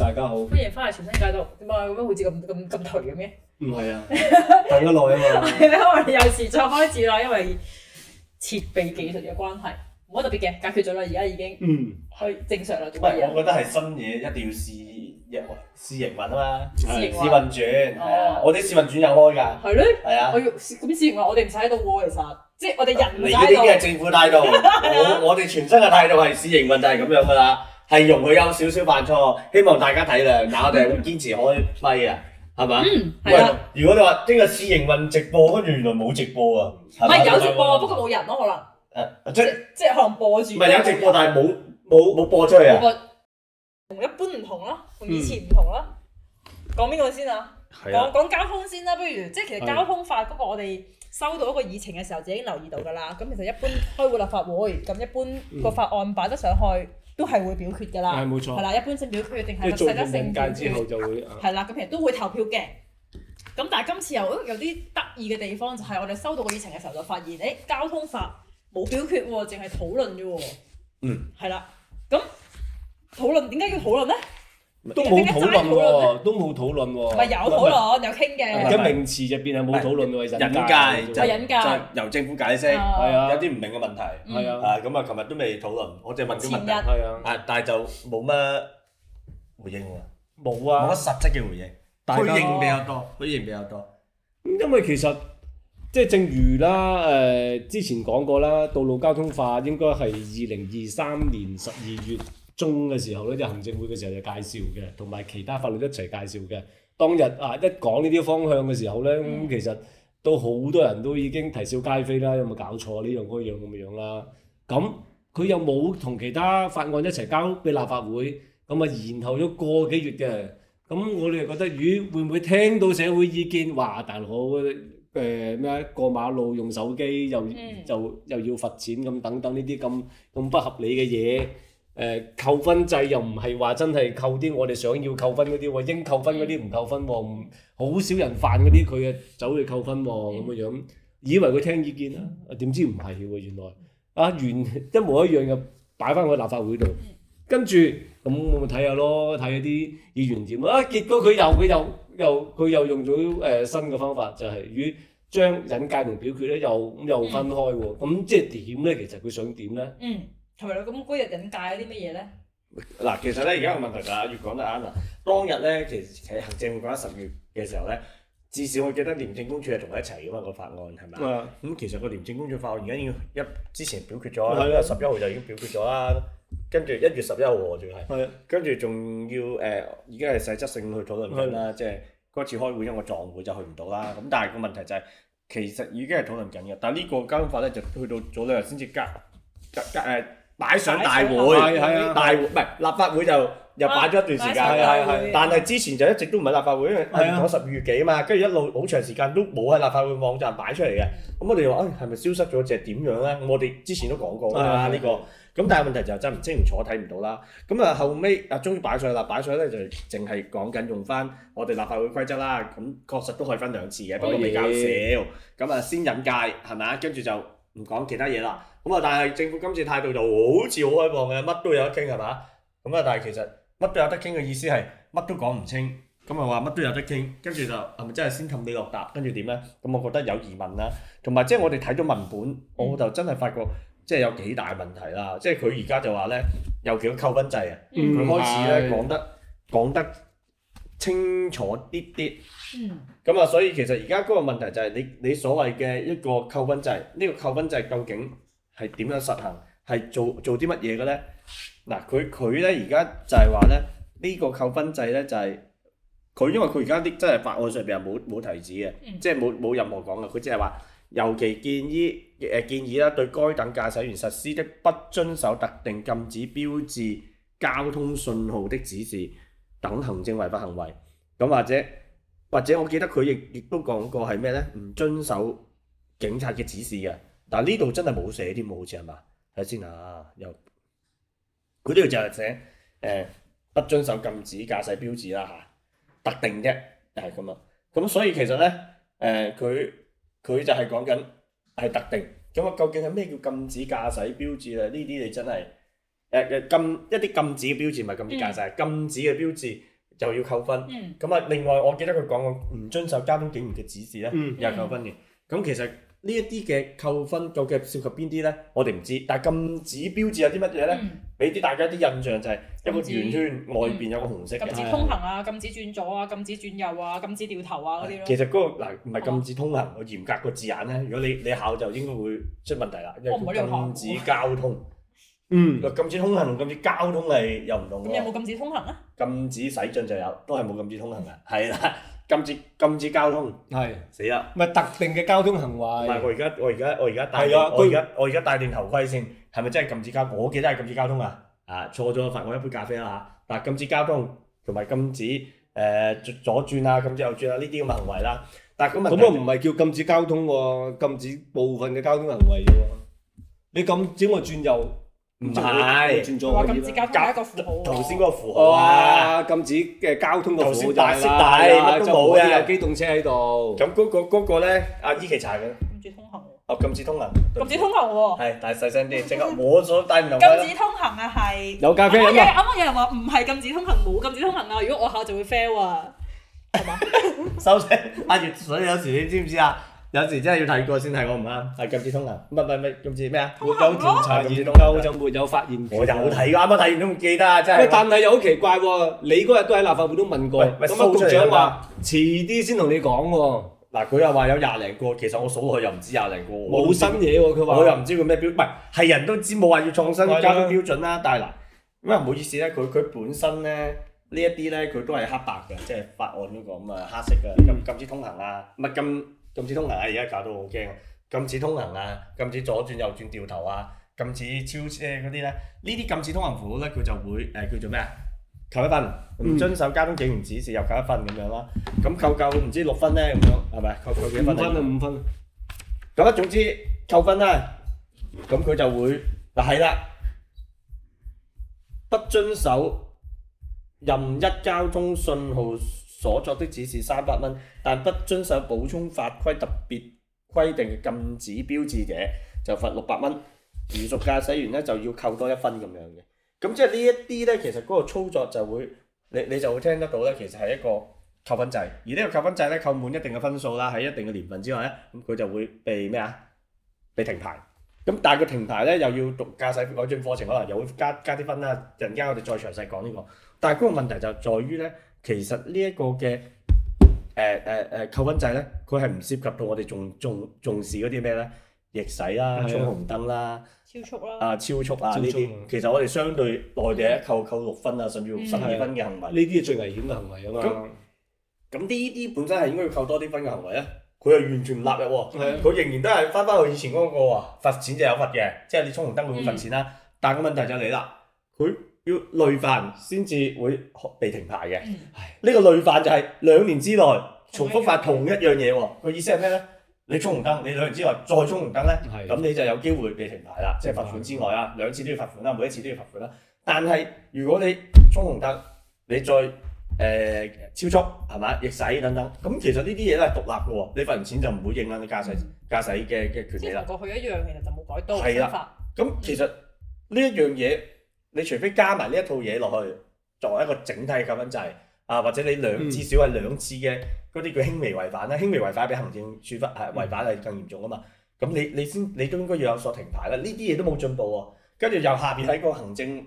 大家好，歡迎翻嚟傳新解毒。點解會好似咁咁咁頹咁嘅？唔係啊，等得耐啊嘛。係咧，我哋有時再開始啦，因為設備技術嘅關係，冇乜特別嘅解決咗啦。而家已經嗯，可以正常啦。做乜嘢？唔係，我覺得係新嘢一定要試一運，試營運啊嘛。試營運轉，我哋試營運轉有開㗎。係咧，係啊。我咁試營運，我哋唔使喺度喎。其實即係我哋人你呢啲係政府態度，我我哋傳新嘅態度係試營運就係咁樣㗎啦。係容許有少少犯錯，希望大家體諒。但我哋係會堅持開咪啊，係嘛？嗯，係啦。如果你話呢個試營運直播，跟住原來冇直播啊？唔係有直播，不過冇人咯，可能。誒，即係即係可能播住。唔係有直播，但係冇冇冇播出嚟啊？同一般唔同咯，同以前唔同咯。講邊個先啊？講講交通先啦。不如即係其實交通法嗰個，我哋收到一個議程嘅時候，就已經留意到㗎啦。咁其實一般開會立法會，咁一般個法案擺得上去。都係會表決噶啦，係冇錯，係啦，一般性表決定係細則性之後就會，係啦，咁其實都會投票嘅。咁 但係今次又有啲得意嘅地方，就係、是、我哋收到個議程嘅時候就發現，誒、欸、交通法冇表決喎，淨係討論啫喎。嗯，係啦，咁討論點解要討論咧？都冇討論喎，都冇討論喎。唔係有討論，有傾嘅。而家名詞入面係冇討論喎，引介。唔係引介，就由政府解釋，有啲唔明嘅問題。係啊，咁啊，琴日都未討論，我淨係問咗問題。係啊，但係就冇乜回應啊。冇啊，冇乜實質嘅回應。回應比較多，回應比較多。咁因為其實即係正如啦，誒，之前講過啦，道路交通法應該係二零二三年十二月。中嘅時候咧，就行政會嘅時候就介紹嘅，同埋其他法律一齊介紹嘅。當日啊，一講呢啲方向嘅時候咧，咁其實都好多人都已經啼笑皆非啦，有冇搞錯呢樣嗰樣咁樣啦？咁佢又冇同其他法案一齊交俾立法會，咁啊，延後咗個幾月嘅。咁我哋就覺得，咦，會唔會聽到社會意見？哇大佬誒咩啊？過馬路用手機又就又要罰錢咁等等呢啲咁咁不合理嘅嘢？誒、呃、扣分制又唔係話真係扣啲我哋想要扣分嗰啲喎，應扣分嗰啲唔扣分喎，好、嗯、少人犯嗰啲佢就走去扣分喎，咁嘅、嗯、樣，以為佢聽意見、嗯、啊，點知唔係喎，原來啊原一模一樣嘅擺翻去立法會度，跟住咁我咪睇下咯，睇下啲議員點啊，結果佢又佢又又佢又用咗誒、呃、新嘅方法，就係、是、於將引介同表決咧又又分開喎，咁、嗯、即係點咧？其實佢想點咧？嗯。同埋你咁嗰日引介啲乜嘢咧？嗱，其實咧而家個問題就係越講得啱啦。當日咧，其實喺行政會講緊十月嘅時候咧，至少我記得廉政公署係同佢一齊嘅嘛，個法案係咪？咁是的 其實個廉政公署法案而家已經之前表決咗啦，十一號就已經表決咗啦。跟住一月十一號喎仲係。係是的。跟住仲要誒，已經係細則性去討論緊啦，是的 即係嗰次開會因為我撞會就去唔到啦。咁但係個問題就係、是，其實已經係討論緊嘅，但係呢個交通法咧就去到早兩日先至加加加、呃擺上大會，大會唔係、啊啊啊、立法會就又擺咗一段時間，但係之前就一直都唔係立法會，因為我十二月幾啊嘛，跟住一路好長時間都冇喺立法會網站擺出嚟嘅。咁我哋話啊，係、哎、咪消失咗隻點樣咧？我哋之前都講過啦呢、啊這個。咁但係問題就真係唔清唔楚，睇唔、嗯、到啦。咁啊後屘啊終於擺上啦，擺上咧就淨係講緊用翻我哋立法會規則啦。咁確實都可以分兩次嘅，不過比較少。咁啊、哦、耶先引介係咪啊？跟住就。唔講其他嘢啦，咁啊但係政府今次態度就好似好開放嘅，乜都有得傾係嘛？咁啊但係其實乜都有得傾嘅意思係乜都講唔清，咁啊話乜都有得傾，是是跟住就係咪真係先氹你落搭？跟住點咧？咁我覺得有疑問啦、啊，同埋即係我哋睇咗文本，嗯、我就真係發覺即係有幾大問題啦。即係佢而家就話咧，有幾多扣分制啊，佢開始咧講得講得。的清楚啲啲，咁啊，所以其實而家嗰個問題就係你你所謂嘅一個扣分制，呢個扣分制究竟係點樣實行，係做做啲乜嘢嘅咧？嗱，佢佢咧而家就係話咧，呢個扣分制咧就係佢因為佢而家啲真係法案上邊冇冇提子嘅，即係冇冇任何講嘅，佢只係話尤其建議誒建議啦，對該等駕駛員實施的不遵守特定禁止標誌交通信號的指示。等行政違法行為，咁或者或者我記得佢亦亦都講過係咩咧？唔遵守警察嘅指示嘅，但呢度真係冇寫添喎，好似係嘛？睇下先啊，又佢呢度就係寫誒、呃、不遵守禁止駕駛標誌啦嚇，特定啫，係咁啊，咁所以其實咧，誒佢佢就係講緊係特定，咁啊究竟係咩叫禁止駕駛標誌咧？呢啲你真係～誒禁一啲禁止嘅標誌唔係禁止駕駛禁止嘅標誌就要扣分，咁啊另外我記得佢講過唔遵守交通警員嘅指示咧，又係扣分嘅。咁其實呢一啲嘅扣分究竟涉及邊啲咧？我哋唔知，但係禁止標誌有啲乜嘢咧？俾啲大家啲印象就係有個圓圈外邊有個紅色禁止通行啊！禁止轉左啊！禁止轉右啊！禁止掉頭啊！啲咯。其實嗰個嗱唔係禁止通行，我嚴格個字眼咧，如果你你考就應該會出問題啦，因為禁止交通。嗯，禁止通行禁止交通係又唔同嘅咁有冇禁止通行啊？禁止駛進就有，都係冇禁止通行啊。係啦。禁止禁止交通，係死啦。唔係特定嘅交通行為。唔係我而家，我而家，我而家戴住，我而家，我而家戴定頭盔先，係咪真係禁止交？我記得係禁止交通啊。啊，錯咗，罰我一杯咖啡啦吓。嗱，禁止交通同埋禁止誒左轉啊，禁止右轉啊，呢啲咁嘅行為啦。但係咁，咁都唔係叫禁止交通喎，禁止部分嘅交通行為喎。你禁止我轉右？唔係，哇！禁止交通第一個符號啊，頭先嗰個符號啊，哇！禁止嘅交通個符號就係啦，乜都冇嘅，有機動車喺度。咁嗰個嗰個咧，阿依其查嘅，禁止通行。哦，禁止通行。禁止通行喎。係，但係細聲啲，即係我所戴唔同。禁止通行啊，係。有咖啡飲啊。啱啱有人話唔係禁止通行，冇禁止通行啊！如果我考就會 fail 啊，係嘛？收聲，阿月水有時你知唔知啊？有時真係要睇過先睇，我唔啱，係禁止通行。唔係唔係禁止咩啊？沒有調查，沒有就沒有發現。我冇睇過，啱啱睇完都唔記得啊！真係。但係又好奇怪，你嗰日都喺立法會都問過，咁啊局長話遲啲先同你講喎。嗱，佢又話有廿零個，其實我數落又唔止廿零個。冇新嘢喎，佢話我又唔知佢咩標，唔係係人都知冇話要創新交通標準啦。但係嗱，因為唔好意思咧，佢佢本身咧呢一啲咧，佢都係黑白嘅，即係法案嗰個咁啊黑色嘅禁禁止通行啊，唔係禁。禁止通行，唉，而家搞到我好驚啊！禁止通行啊，禁止左轉右轉掉頭啊，禁止超車嗰啲咧，呢啲禁止通行符號咧，佢就會誒叫做咩啊？扣一分，唔遵守交通警員指示又扣一分咁樣咯。咁扣夠唔知六分咧咁樣，係咪？扣扣幾多分？五分定五分？咁啊，總之扣分啦。咁佢就會嗱係啦，不遵守任一交通信號，所作的只是三百蚊，但不遵守補充法規特別規定嘅禁止標誌嘅，就罰六百蚊。如屬駕駛員咧就要扣多一分咁樣嘅。咁即係呢一啲咧，其實嗰個操作就會，你你就會聽得到咧，其實係一個扣分制。而呢個扣分制咧，扣滿一定嘅分數啦，喺一定嘅年份之外咧，咁佢就會被咩啊？被停牌。咁但係個停牌咧，又要讀駕駛改進課程，可能又會加加啲分啦。陣間我哋再詳細講呢個。但係嗰個問題就在於咧。其實呢一個嘅誒誒誒扣分制咧，佢係唔涉及到我哋重重重視嗰啲咩咧？逆駛啦、啊、衝的紅燈啦、啊、超速啦啊，啊、超速啊呢啲重。其實我哋相對內地一扣、嗯、扣六分啊，甚至十二分嘅行為，呢啲係最危險嘅行為啊嘛。咁呢啲本身係應該要扣多啲分嘅行為咧，佢係完全唔納入喎。佢的仍然都係翻翻去以前嗰、那個啊罰錢就有罰嘅，即係你衝紅燈佢會罰錢啦、啊。嗯、但係個問題就嚟啦，佢、哎。要累犯先至會被停牌嘅，呢個累犯就係兩年之內重複犯同一樣嘢喎。個意思係咩咧？你衝紅燈，你兩年之內再衝紅燈咧，咁你就有機會被停牌啦，即係罰款之外啊，兩次都要罰款啦，每一次都要罰款啦。但係如果你衝紅燈，你再誒、呃、超速係嘛、逆駛等等，咁其實呢啲嘢都係獨立嘅，你罰完錢就唔會影響你駕駛駕駛嘅嘅權利。即係、嗯就是、過去一樣，其實就冇改到。係啦。咁其實呢一樣嘢。你除非加埋呢一套嘢落去作為一個整體嘅扣分制啊，或者你兩至少係兩次嘅嗰啲叫輕微違反啦，輕微違反比行政處罰係違反係更嚴重啊嘛。咁你你先你都應該要有所停牌啦。呢啲嘢都冇進步喎。跟住又下邊喺個行政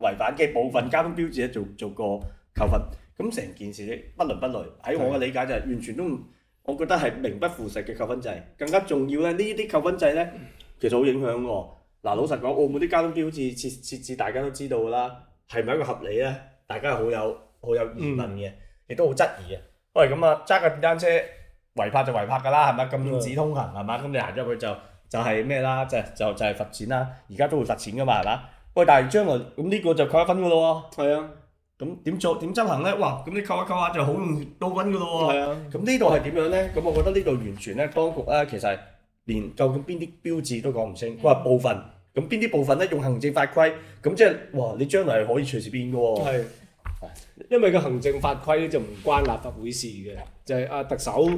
違反嘅部分，交通標誌咧做做個扣分，咁成件事不倫不類。喺我嘅理解就係完全都，唔，我覺得係名不符實嘅扣分制。更加重要咧，呢啲扣分制咧其實好影響㗎。嗱，老實講，澳門啲交通標誌設設置，大家都知道噶啦，係咪一個合理咧？大家係好有好有疑問嘅，亦都好質疑嘅。喂，咁啊揸個電單車違泊就違泊噶啦，係咪禁止通行係嘛？咁你行咗入去就就係咩啦？就就就係罰錢啦。而家都會罰錢噶嘛，係嘛？喂，但係將來咁呢個就扣一分噶咯喎。係啊，咁點做點執行咧？哇，咁你扣下扣下就好容易多分噶咯喎。係啊，咁呢度係點樣咧？咁我覺得呢度完全咧，當局咧其實。連究竟邊啲標誌都講唔清，佢話部分，咁邊啲部分咧用行政法規，咁即係哇，你將來係可以隨時變嘅喎。係，因為個行政法規咧就唔關立法會事嘅，就係阿特首誒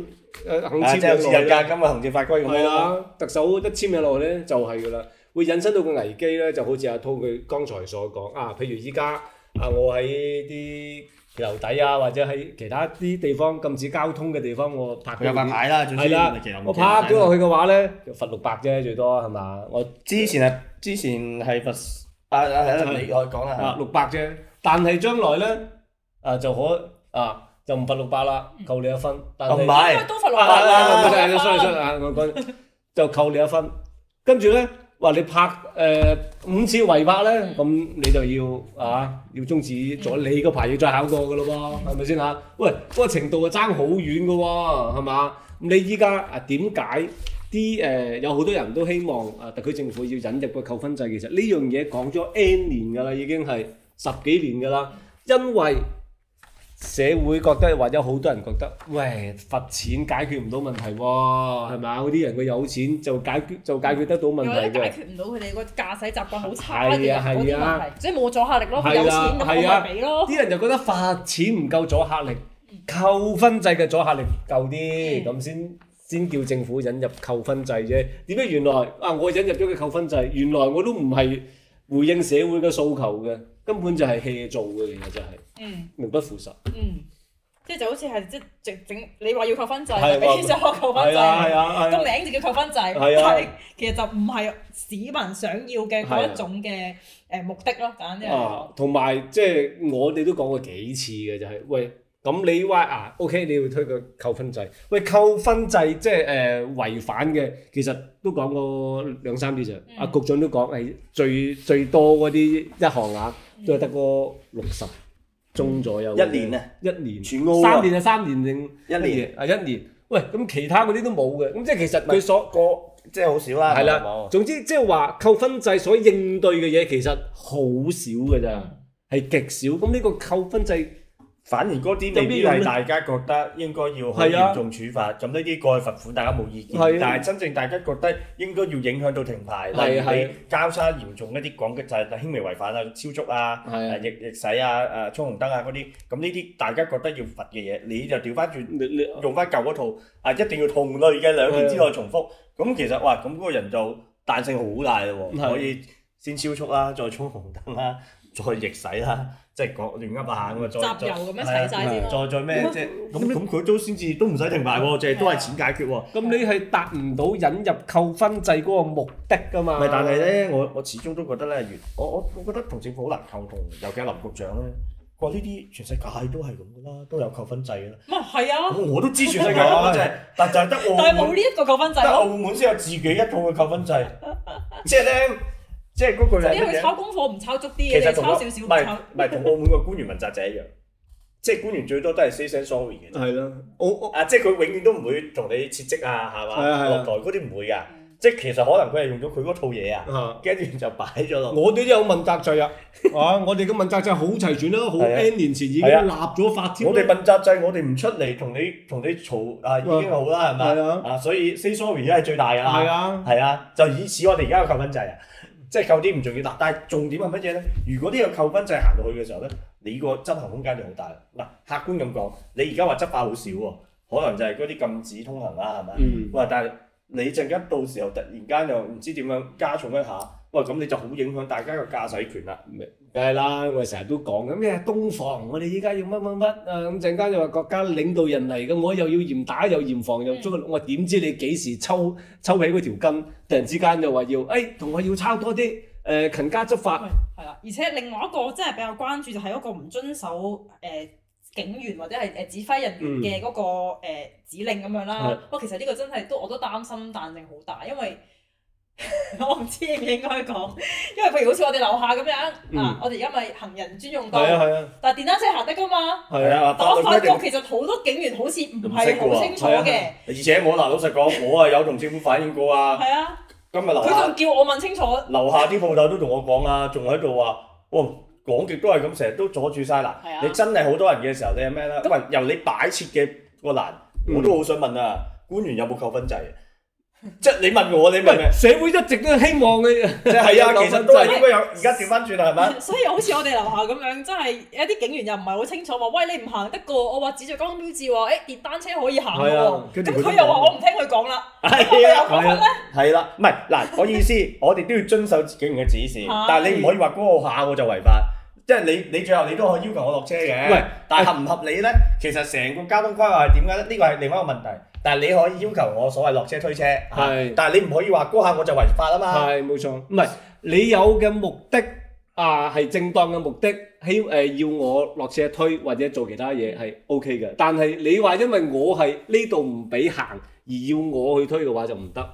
肯簽名落去。啊，就係㗎，今日行政法規咁樣。係啊，特首一簽名落咧就係㗎啦，會引申到個危機咧，就好似阿滔佢剛才所講啊，譬如依家啊，我喺啲，樓底啊，或者喺其他啲地方禁止交通嘅地方，我拍佢有塊牌啦，係啦。我拍咗落去嘅話咧，就罰六百啫最多，係嘛？我之前啊，之前係罰啊係啦，你我講啦，六百啫。但係將來咧，啊就可啊就唔罰六百啦，扣你一分。但係唔係，都罰六百啦。就扣你一分，跟住咧。話你拍誒、呃、五次違拍咧，咁你就要啊要終止咗你個牌要再考過嘅咯喎，係咪先嚇？喂，嗰個程度啊爭好遠嘅喎，係嘛？咁你依家啊點解啲誒有好多人都希望啊特區政府要引入個扣分制？其實呢樣嘢講咗 N 年嘅啦，已經係十幾年嘅啦，因為。社會覺得，或者好多人覺得，喂，罰錢解決唔到問題喎，係咪？嗰啲人佢有錢就解決就解決得到問題嘅，解決唔到佢哋個駕駛習慣好差啦，係啊，係啊，即係冇阻嚇力咯。係啊，係啊，啲人就覺得罰錢唔夠阻嚇力，扣分制嘅阻嚇力夠啲，咁先先叫政府引入扣分制啫。點解原來啊我引入咗個扣分制，原來我都唔係回應社會嘅訴求嘅。根本就係 hea 做嘅，其實真係，名不符實。嗯，即、嗯、係就好似係即係整，你話要扣分制，你先想學扣分制，啊，個名就叫扣分制，的但係其實就唔係市民想要嘅嗰一種嘅誒目的咯，簡單啊，同埋即係我哋都講過幾次嘅就係、是，喂，咁你話啊，OK，你要推個扣分制，喂，扣分制即係誒違反嘅，其實都講過兩三次就，阿、嗯、局長都講係最最多嗰啲一行眼、啊。都係得個六十中左右、嗯，一年啊，一年，三澳年啊，三年定一年啊，一年。喂，咁其他嗰啲都冇嘅，咁即係其實佢所個是過即係好少啦、啊。係啦了，嗯、總之即係話扣分制所應對嘅嘢其實好少㗎咋，係、嗯、極少。咁呢個扣分制。反而嗰啲未必係大家覺得應該要去嚴重處罰，咁呢啲過去罰款大家冇意見，啊、但係真正大家覺得應該要影響到停牌，例如係交叉嚴重一啲講嘅就係輕微違反啦、超速啊、逆逆駛啊、誒衝逆、啊啊、紅燈啊嗰啲，咁呢啲大家覺得要罰嘅嘢，你就調翻轉，用翻舊嗰套啊，一定要同類嘅兩年之內重複，咁、啊、其實哇，咁、那、嗰個人就彈性好大咯，啊、可以先超速啦、啊，再衝紅燈啦、啊，再逆駛啦、啊。即係講亂噏下咁啊，再再咩即係咁咁佢都先至都唔使停牌喎，即係都係錢解決喎。咁你係達唔到引入扣分制嗰個目的㗎嘛？唔係，但係咧，我我始終都覺得咧，我我我覺得同政府好難溝通，尤其係林局長咧。話呢啲全世界都係咁噶啦，都有扣分制啦。唔係係啊，我都知全世界都有，但就係得澳，但係冇呢一個扣分制，得澳門先有自己一套嘅扣分制，即係咧。即係個因為佢抄功課唔抄足啲嘢，你抄少少，唔係，唔係同澳門個官員問責制一樣，即係官員最多都係 say sorry 嘅，係啦，我啊即係佢永遠都唔會同你撤職啊，係嘛，落台嗰啲唔會噶，即係其實可能佢係用咗佢嗰套嘢啊，跟住就擺咗咯。我哋都有問責制啊，啊，我哋嘅問責制好齊全啦，好 N 年前已經立咗法添。我哋問責制，我哋唔出嚟，同你同你嘈啊，已經好啦，係嘛啊，所以 say sorry 咧係最大噶，係啊，就以此我哋而家嘅扣分制啊。即係扣啲唔重要，但係重點係乜嘢咧？如果呢個扣分制行到去嘅時候咧，你個執行空間就好大啦。嗱，客觀咁講，你而家話執法好少喎，可能就係嗰啲禁止通行啦，係咪？哇！嗯，但係你陣間到時候突然間又唔知點樣加重一下。喂，咁、哦、你就好影響大家嘅駕駛權啦，係啦，我哋成日都講緊咩東防，我哋依家要乜乜乜啊，咁陣間又話國家領導人嚟嘅，我又要嚴打又嚴防又捉，嗯、我點知你幾時抽抽起嗰條筋？突然之間又話要，誒、哎、同我要抄多啲，勤加執法，啦、嗯，嗯、而且另外一個真係比較關注就係嗰個唔遵守警員或者係誒指揮人員嘅嗰個指令咁樣啦。不過、嗯嗯、其實呢個真係都我都擔心，彈性好大，因為 我唔知應唔應該講，因為譬如好似我哋樓下咁樣，嗯、啊，我哋而家咪行人專用道，係啊係啊，但係電單車行得噶嘛。係啊，但我發覺其實好多警員好似唔係好清楚嘅，啊啊。而且我嗱老實講，我係有同政府反映過啊。係啊。今日樓下佢仲叫我問清楚。樓下啲鋪頭都同我講，哦、啊，仲喺度話，哇，講極都係咁，成日都阻住晒嗱。係啊。你真係好多人嘅時候，你係咩咧？因為那由你擺設嘅個欄，嗯、我都好想問啊，官員有冇扣分制？即係你問我，你問咩？社會一直都希望嘅，即係啊，其實都係應該有。而家調翻轉啦，係咪？所以好似我哋樓下咁樣，真係一啲警員又唔係好清楚話，喂，你唔行得過。我話指住交通標誌話，誒，電單車可以行。咁佢又話我唔聽佢講啦。係啊，咁樣咧，係啦，唔係嗱，我意思，我哋都要遵守警員嘅指示，但係你唔可以話嗰下我就違法。即係你，你最後你都可以要求我落車嘅。喂，但係合唔合理咧？其實成個交通規劃係點解咧？呢個係另外一個問題。但係你可以要求我所謂落車推車，是但係你唔可以話嗰下我就違法啊嘛，係冇錯。唔係你有嘅目的啊係正當嘅目的，希、啊、誒要我落車推或者做其他嘢係 O K 嘅。但係你話因為我係呢度唔俾行而要我去推嘅話就唔得，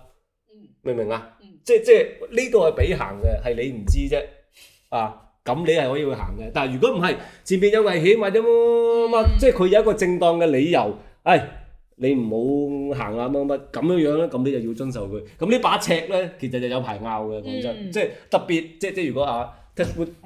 明唔明、嗯、啊？即即呢度係俾行嘅，係你唔知啫。啊咁你係可以去行嘅。但係如果唔係前邊有危險或者乜乜乜，嗯、即係佢有一個正當嘅理由，係、哎。你唔好行啊乜乜咁樣樣咧，咁你就要遵守佢。咁呢把尺咧，其實就有排拗嘅講真，即係特別即即如果啊，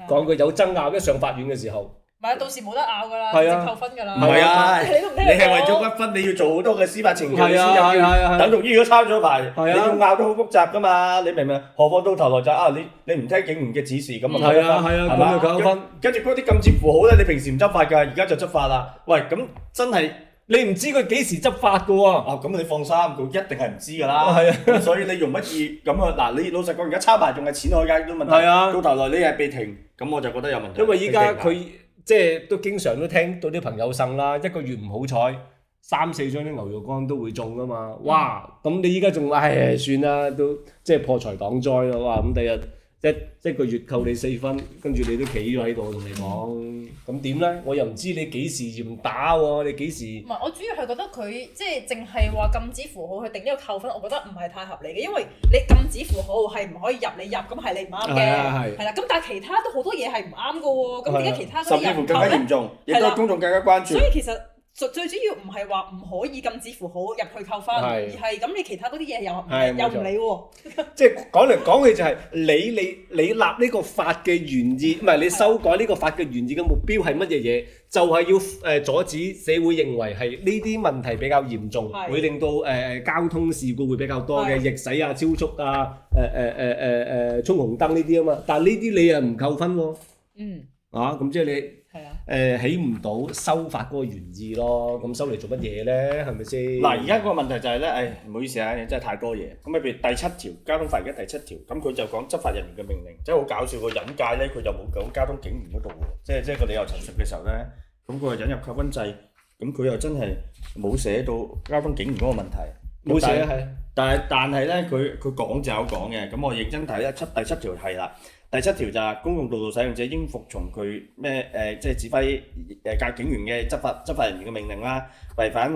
講句有爭拗一上法院嘅時候，唔係到時冇得拗噶啦，淨扣分噶啦。唔係啊，你係為咗一分，你要做好多嘅司法程序啦，等同於如果抄咗牌，你要拗都好複雜噶嘛，你明唔明？何況到頭來就啊，你你唔聽警員嘅指示咁啊，係啊係啊，咁就扣分。跟住嗰啲禁止符號咧，你平時唔執法㗎，而家就執法啦。喂，咁真係。你唔知佢幾時執法嘅喎、啊？咁、哦、你放心，佢一定係唔知嘅啦。係、哦、啊，所以你容乜易咁啊？嗱， 你老實講，而家抄牌仲係錢可以解決到問題啦。到、啊、頭來呢，又被停，咁我就覺得有問題。因為依家佢即係都經常都聽到啲朋友呻啦，一個月唔好彩，三四張啲牛肉乾都會中嘅嘛。哇，咁、嗯、你依家仲唉算啦，都即係破財擋災咯。我話咁第日。即一,一個月扣你四分，跟住你都企咗喺度，同你講，咁點咧？我又唔知你幾時唔打喎，你幾時？唔係，我主要係覺得佢即係淨係話禁止符號去定呢個扣分，我覺得唔係太合理嘅，因為你禁止符號係唔可以入，你入咁係你唔啱嘅。係啦、啊，咁、啊啊啊、但係其他都好多嘢係唔啱㗎喎，咁點解其他都入？十倍更加嚴重，亦都係公眾更加關注、啊。所以其實。最最主要唔係話唔可以咁似符好入去扣分，的而係咁你其他嗰啲嘢又的又唔理喎。錯 即係講嚟講去就係你你你立呢個法嘅原意，唔係 你修改呢個法嘅原意嘅目標係乜嘢嘢？是的 就係要誒阻止社會認為係呢啲問題比較嚴重，是的 會令到誒、呃、交通事故會比較多嘅，是的 逆駛啊、超速啊、誒誒誒誒誒衝紅燈呢啲啊嘛。但係呢啲你又唔扣分喎。嗯。啊，咁即係你。誒起唔到修法嗰個原意咯，咁修嚟做乜嘢咧？係咪先？嗱，而家個問題就係咧，誒唔好意思啊，你真係太多嘢。咁譬如第七條交通法，而家第七條，咁佢就講執法人員嘅命令，真係好搞笑個引介咧，佢就冇講交通警員嗰度喎。即係即係個理由陳述嘅時候咧，咁佢係引入扣分制，咁佢又真係冇寫到交通警員嗰個問題。冇寫啊，係。但係但係咧，佢佢講就有講嘅，咁我認真睇啦，七第七條係啦。第七條就係公共道路使用者應服從佢咩誒，即係指揮誒交警員嘅執法執法人員嘅命令啦。違反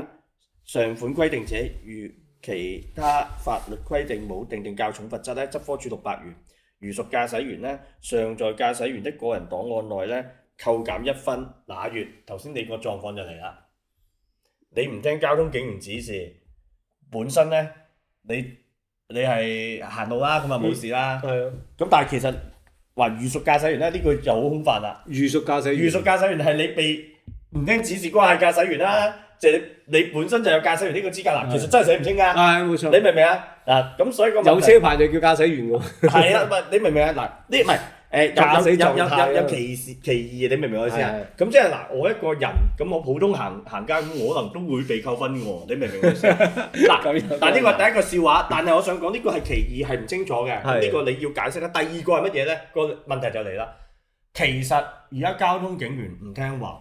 上款規定者，如其他法律規定冇定定較重罰則咧，執科處六百元。如屬駕駛員咧，尚在駕駛員的個人檔案內咧，扣減一分。那月頭先你個狀況就嚟啦，你唔聽交通警員指示，本身咧你你係行路啦，咁就冇事啦。係啊，咁但係其實。話如屬駕駛員咧，呢個就好空泛啦。如屬駕駛如屬駕駛員係你被唔聽指示瓜係駕駛員啦，即係你本身就有駕駛員呢個資格啦。其實真係寫唔清噶。係，冇錯。你明唔明啊？嗱，咁所以個問題有車牌就叫駕駛員噶喎。係啊，咪你明唔明啊？嗱呢唔係。誒，作死狀態啦！有歧視，歧義，你明唔明我意思啊？咁是的 即係嗱，我一個人咁，我普通行行街咁，可能都會被扣分喎，你明唔明我意思啊？嗱，咁又 但， 但呢個係第一個笑話， 但係我想講呢個係歧義，係唔清楚嘅。呢 個你要解釋啦。第二個係乜嘢咧？個問題就嚟啦。其實而家交通警員唔聽話，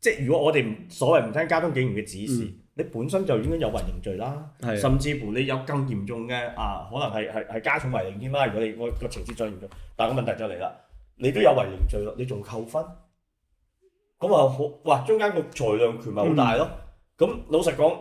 即係如果我哋所謂唔聽交通警員嘅指示。嗯你本身就應該有違令罪啦，甚至乎你有更嚴重嘅啊，可能係係係加重違令添啦，如果你個個情節再嚴重，但係個問題就嚟啦，你都有違令罪咯，你仲扣分，咁啊，好哇，中間個裁量權咪好大咯，咁老實講。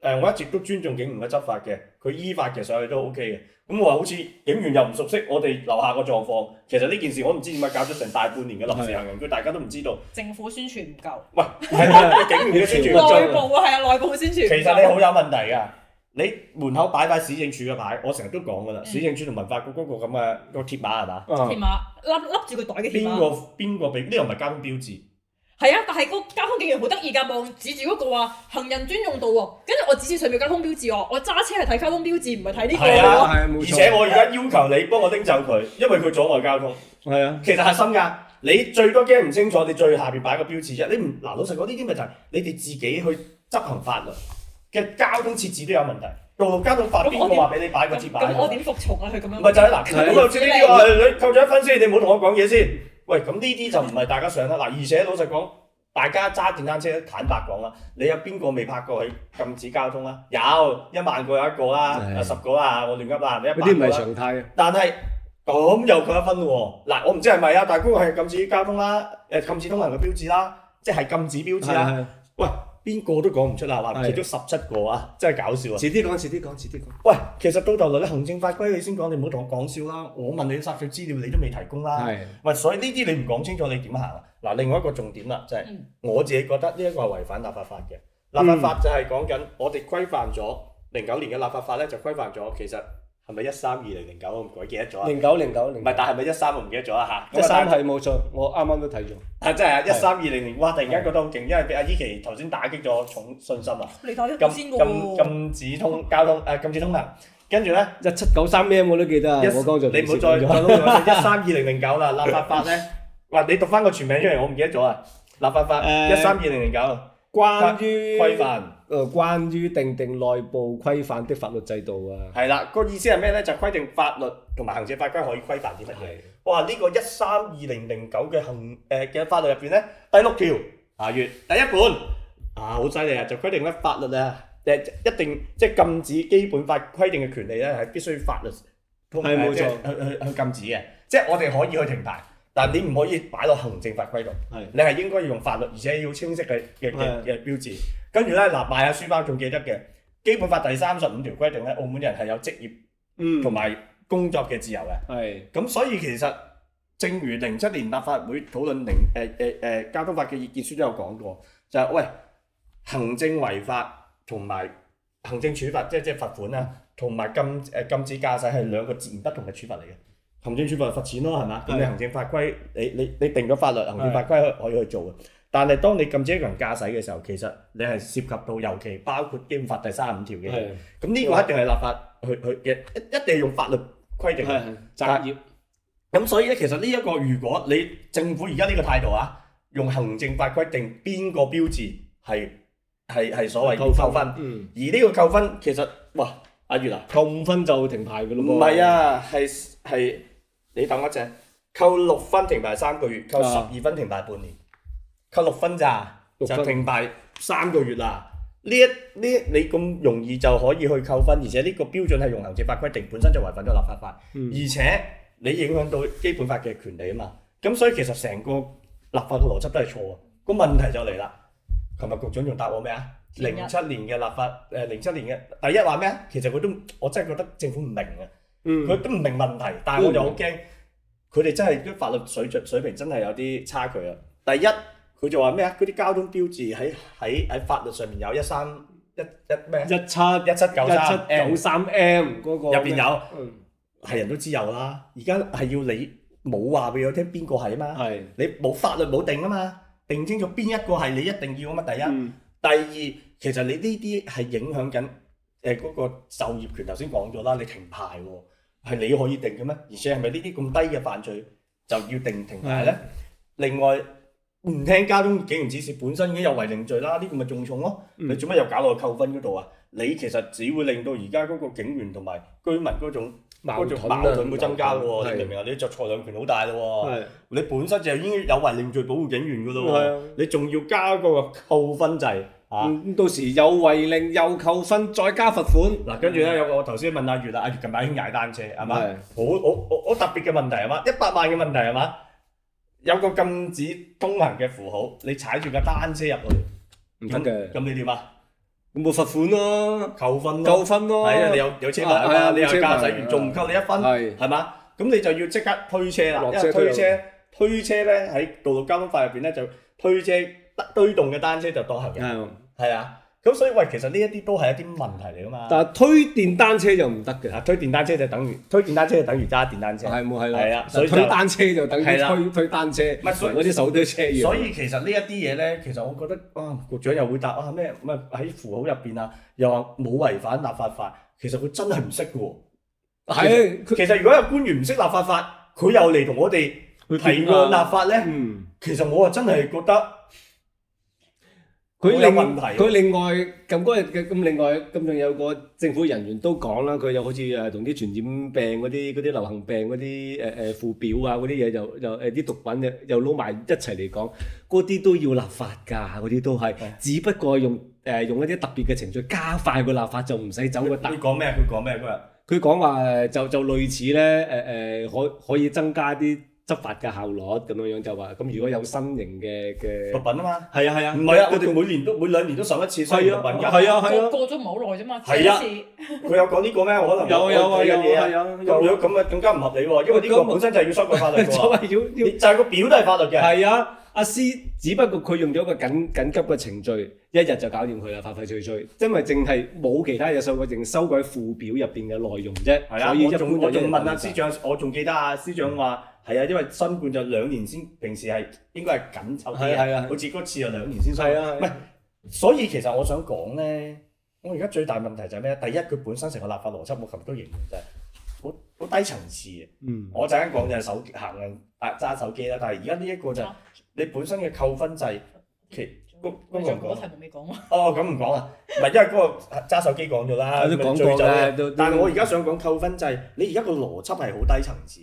誒，我一直都尊重警員嘅執法嘅，佢依法其實上去都 O K 嘅。咁我話好似警員又唔熟悉我哋樓下個狀況，其實呢件事我唔知點解搞咗成大半年嘅臨時行人區，佢大家都唔知道。政府宣傳唔夠。喂， 警員都宣傳。內部係啊，內部宣傳。其實你好有問題㗎！你門口擺擺市政署嘅牌，我成日都講㗎啦，市政署同文化局嗰個咁嘅、那個鐵馬係嘛？鐵馬笠笠住個袋嘅鐵馬邊個邊個俾呢？又唔係交通標誌？係啊，但係個交通警員好得意噶，幫指住嗰個話行人專用道喎，跟住我指住上面交通標誌哦，我揸車係睇交通標誌，唔係睇呢個係啊係啊，啊而且我而家要求你幫我拎走佢，因為佢阻礙交通。係啊，其實係心噶。你最多驚唔清楚，你最下邊擺個標誌啫。你唔嗱老實講呢啲咪就係你哋自己去執行法律嘅交通設置都有問題。道路交通法邊個話俾你擺個字擺？咁我點服從啊？佢咁樣唔係就係、是、嗱，咁頭先呢個、啊、你扣咗一分先，你唔好同我講嘢先。喂，咁呢啲就唔係大家想啦，嗱，而且老實講，大家揸電單車坦白講啦，你有邊個未拍過去禁止交通啦？有一萬個，有一個啦，有十的個啦，我亂噏啦，你一萬個啦。嗰啲唔係常態，但係咁又扣一分喎，嗱，我唔知係咪呀，但係嗰個係禁止交通啦，誒禁止通行嘅標誌啦，即係禁止標誌啦。的喂。邊個都講唔出啦！嗱，其中十七個啊，的真係搞笑啊！遲啲講，遲啲講，遲啲講。喂，其實到頭來啲行政法規你，你先講，你唔好同我講笑啦。我問你索取資料，你都未提供啦。係的，咪所以呢啲你唔講清楚，你點行？啊？嗱，另外一個重點啦，就是，就係、嗯、我自己覺得呢一個係違反立法法嘅。立法法就係講緊我哋規範咗零九年嘅立法法咧，就規範咗其實。係咪一三二零零九？我唔鬼記得咗啊！零九零九零，唔係，但係咪一三我唔記得咗啊？嚇！一三係冇錯，我啱啱都睇咗。啊，真係啊！一三二零零，哇！突然間覺得好勁，因為俾阿依琪頭先打擊咗重信心啊！你打擊幾先嘅喎？禁禁禁止通交通，誒禁止通行！跟住咧一七九三咩我都記得。我剛才你唔好再一三二零零九啦，立法法咧話你讀翻個全名出嚟，我唔記得咗啊！立法法一三二零零九，關於規範。誒，關於定定內部規範的法律制度啊，係啦，個意思係咩呢？就規定法律同埋行政法規可以規範啲嘢。是的 哇！呢、這個一三二零零九嘅行誒嘅法律入邊呢，第六條下月第一本，啊，好犀利啊！就規定咧法律啊，一定即係、就是、禁止基本法規定嘅權利呢，係必須法律係冇錯去去禁止嘅。即係 我哋可以去停牌，但係你唔可以擺落行政法規度。是的 你係應該要用法律，而且要清晰嘅嘅嘅嘅標誌。跟住咧，嗱賣下書包仲記得嘅《基本法》第三十五條規定咧，澳門人係有職業同埋工作嘅自由嘅。係、嗯。咁所以其實，正如零七年立法會討論零誒誒誒交通法嘅意見書都有講過，就係、是、喂行政違法同埋行政處罰，即係即係罰款啊，同埋禁誒禁止駕駛係兩個截然不同嘅處罰嚟嘅。行政處罰係罰錢咯，係嘛？咁是你行政法規，你你你定咗法律、行政法規可以去做嘅。是但係，當你禁止一個人駕駛嘅時候，其實你係涉及到尤其包括《經法》第三十五條嘅，咁呢個一定係立法去去嘅，一一定用法律規定。揸業。咁所以咧，其實呢、這、一個，如果你政府而家呢個態度啊，用行政法規定邊個標誌係係係所謂的扣分，扣分而呢個扣分、嗯、其實，哇，阿月啊，扣五分就停牌嘅咯喎。唔係啊，係係你等一陣，扣六分停牌三個月，扣十二分停牌半年。扣六分咋？六分就停牌三個月啦。呢一呢你咁容易就可以去扣分，而且呢個標準係用行政法規定，本身就違反咗立法法。嗯、而且你影響到基本法嘅權利啊嘛。咁所以其實成個立法嘅邏輯都係錯啊。個問題就嚟啦。琴日局長仲答我咩啊？零七一年嘅立法，誒零七年嘅第一話咩啊？其實佢都，我真係覺得政府唔明啊。佢、嗯、都唔明問題，但係我就好驚，佢哋真係啲法律水準水平真係有啲差距啊。第一。佢就話咩啊？嗰啲交通標誌喺喺喺法律上面有一三一一咩？一七一七九三 M，入邊有，係人都知有啦。而家係要你冇話俾我聽邊個係啊嘛。係你冇法律冇定啊嘛，定清楚邊一個係你一定要啊嘛。第一，第二，其實你呢啲係影響緊誒嗰個就業權。頭先講咗啦，你停牌喎，係你可以定嘅咩？而且係咪呢啲咁低嘅犯罪就要定停牌咧？另外。唔聽交通警員指示，本身已經有違令罪啦，呢個咪重重咯？你做乜又搞到去扣分嗰度啊？你其實只會令到而家嗰個警員同埋居民嗰種矛盾會增加嘅喎，你明唔明啊？你著錯兩權好大咯，你本身就已經有違令罪保護警員嘅咯，你仲要加嗰個扣分制啊？咁到時又違令又扣分，再加罰款。嗱，跟住呢有個我頭先問阿月啦，阿月近排喺度踩單車，係嘛？好好好特別嘅問題係嘛？一百萬嘅問題係嘛？有個禁止通行嘅符號，你踩住架單車入去，唔得嘅。咁你點啊？冇罰款咯，扣分，扣分咯。係啊，你有有車牌啊嘛，你有駕駛員，仲唔扣你一分？係，係嘛？咁你就要即刻推車啦，因為推車，推車咧喺道路交通法入邊咧就推車推動嘅單車就當行人，係啊。咁所以喂，其實呢一啲都係一啲問題嚟噶嘛。但係推電單車就唔得嘅。啊，推電單車就等於推電單車就等於揸電單車。係冇係啦。係啊，啊啊啊所以推單車就等於推的推單車，嗰啲手推車樣，所以，所以其實這些東西呢一啲嘢咧，其實我覺得啊，局長又會答啊咩咩喺符號入邊啊，又話冇違反立法法。其實佢真係唔識嘅喎。係，哎，其實如果有官員唔識立法法，佢又嚟同我哋提議立法咧。嗯。其實我啊真係覺得。佢另佢另外咁日咁另外咁仲有個政府人員都講啦，佢又好似誒同啲傳染病嗰啲啲流行病嗰啲誒誒附表啊嗰啲嘢又又呃、啲毒品又又攞埋一齊嚟講，嗰啲都要立法㗎，嗰啲都係，嗯、只不過用、呃、用一啲特別嘅程序加快個立法就唔使走個特。佢講咩？佢講咩佢話？佢講話就就類似咧呃呃、可可以增加啲。執法嘅效率咁樣樣就話，咁如果有新型嘅嘅毒品啊嘛，係啊係啊，唔係啊，我哋每年都每兩年都審一次新毒品，係啊係啊，過咗冇耐啫嘛，係啊，佢有講呢個咩？可能我我睇嘅嘢啊，咁樣咁啊更加唔合理喎，因為呢個本身就係要修改法律嘅，所謂要要，你就係個表都係法律嘅，係啊。阿司只不過佢用咗一個緊緊急嘅程序，一日就搞掂佢啦，快快脆脆。因為淨係冇其他嘢修改，淨修改附表入邊嘅內容啫。係啊，所以我仲我仲問阿、啊、司長，我仲記得阿、啊、司長話係、嗯、啊，因為新冠就兩年先，平時係應該係緊湊啲嘅。係啊，好似嗰次又兩年先。係啊，唔、啊啊、所以其實我想講咧，我而家最大問題就係咩？第一，佢本身成個立法邏輯我，琴日都形容咗，好好低層次。嗯。我陣間講就係手行緊揸手機啦、啊，但係而家呢一個就是。嗯。你本身嘅扣分制，其嗰嗰個唔講。哦，咁唔講啊？唔係，因為嗰個揸手機講咗啦。有啲廣告啦。但係我而家想講扣分制，你而家個邏輯係好低層次。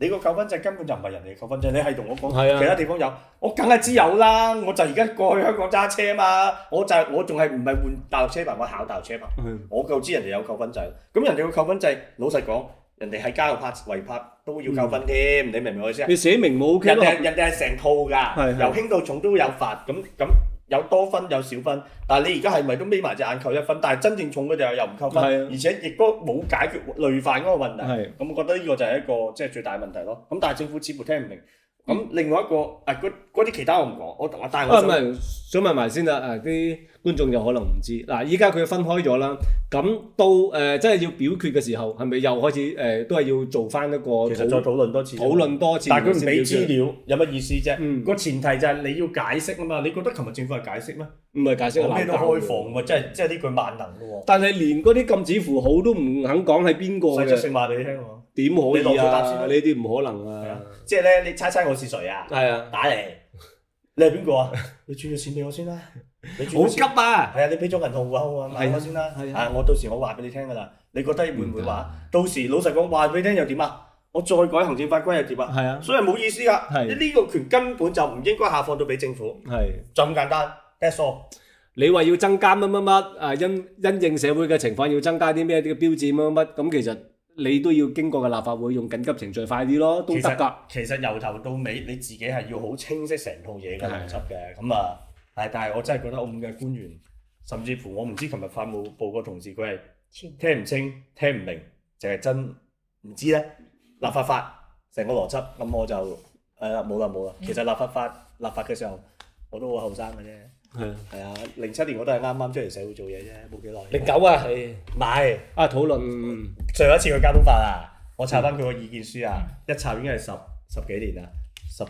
你個扣分制根本就唔係人哋嘅扣分制，你係同我講其他地方有，我梗係知有啦。我就而家過去香港揸車啊嘛，我就係我仲係唔係換大陸車牌，我考大陸車牌，我夠知人哋有扣分制。咁人哋嘅扣分制老實講。人哋喺街度拍違拍都要扣分添，你明唔明我意思啊？你寫明冇 ok 咯。人哋人哋係成套噶，由輕到重都有罰，咁咁有多分有少分，但係你而家係咪都眯埋隻眼扣一分？但係真正重佢哋又唔扣分，而且亦都冇解決累犯嗰個問題。咁我覺得呢個就係一個即係最大問題咯。咁但係政府似乎聽唔明。咁另外一個，誒，嗰嗰啲其他我唔講，我我但係我。啊，唔係，想問埋先啦，誒啲。觀眾又可能唔知嗱，依家佢分開咗啦。咁到誒，即、呃、係要表決嘅時候，係咪又開始誒、呃，都係要做翻一個？其實再討論多次，討論多次。但係佢唔俾資料，嗯、有乜意思啫？個、嗯、前提就係你要解釋啊嘛。你覺得琴日政府係解釋咩？唔係解釋，我咩、哦、都開放喎，即係即係呢句萬能㗎喎。但係連嗰啲禁止符號都唔肯講係邊個？我出聲話俾你聽喎。點可以啊？呢啲唔可能啊！即係咧，你猜猜我是誰啊？係啊，打嚟，你係邊個啊？你轉個錢俾我先啦、啊。好急啊！係啊，你俾張銀行戶口我，買我先啦。係啊，啊，啊，我到時我話俾你聽噶啦，你覺得你會唔會話？啊、到時老實講話俾你聽又點啊？我再改行政法規又點啊？係啊，所以冇意思噶。係呢個權根本就唔應該下放到俾政府。係就咁簡單 that's all。你話要增加乜乜乜？誒，因因應社會嘅情況要增加啲咩啲嘅標準乜乜？咁其實你都要經過嘅立法會用緊急程序快啲咯。都得噶。其實其實由頭到尾你自己係要好清晰成套嘢嘅邏輯嘅，咁啊。但係，我真係覺得澳門嘅官員，甚至乎我唔知，琴日法務部個同事佢係聽唔清、聽唔明，淨係真唔知呢。立法法成個邏輯，咁我就誒冇啦冇啦。其實立法法立法嘅時候，我都好後生嘅啫。係啊，係啊，零七年我都係啱啱出嚟社會做嘢啫，冇幾耐。零九啊，係買啊討論。上一次佢交通法啊，我查翻佢個意見書啊，一查已經係十十幾年啦，十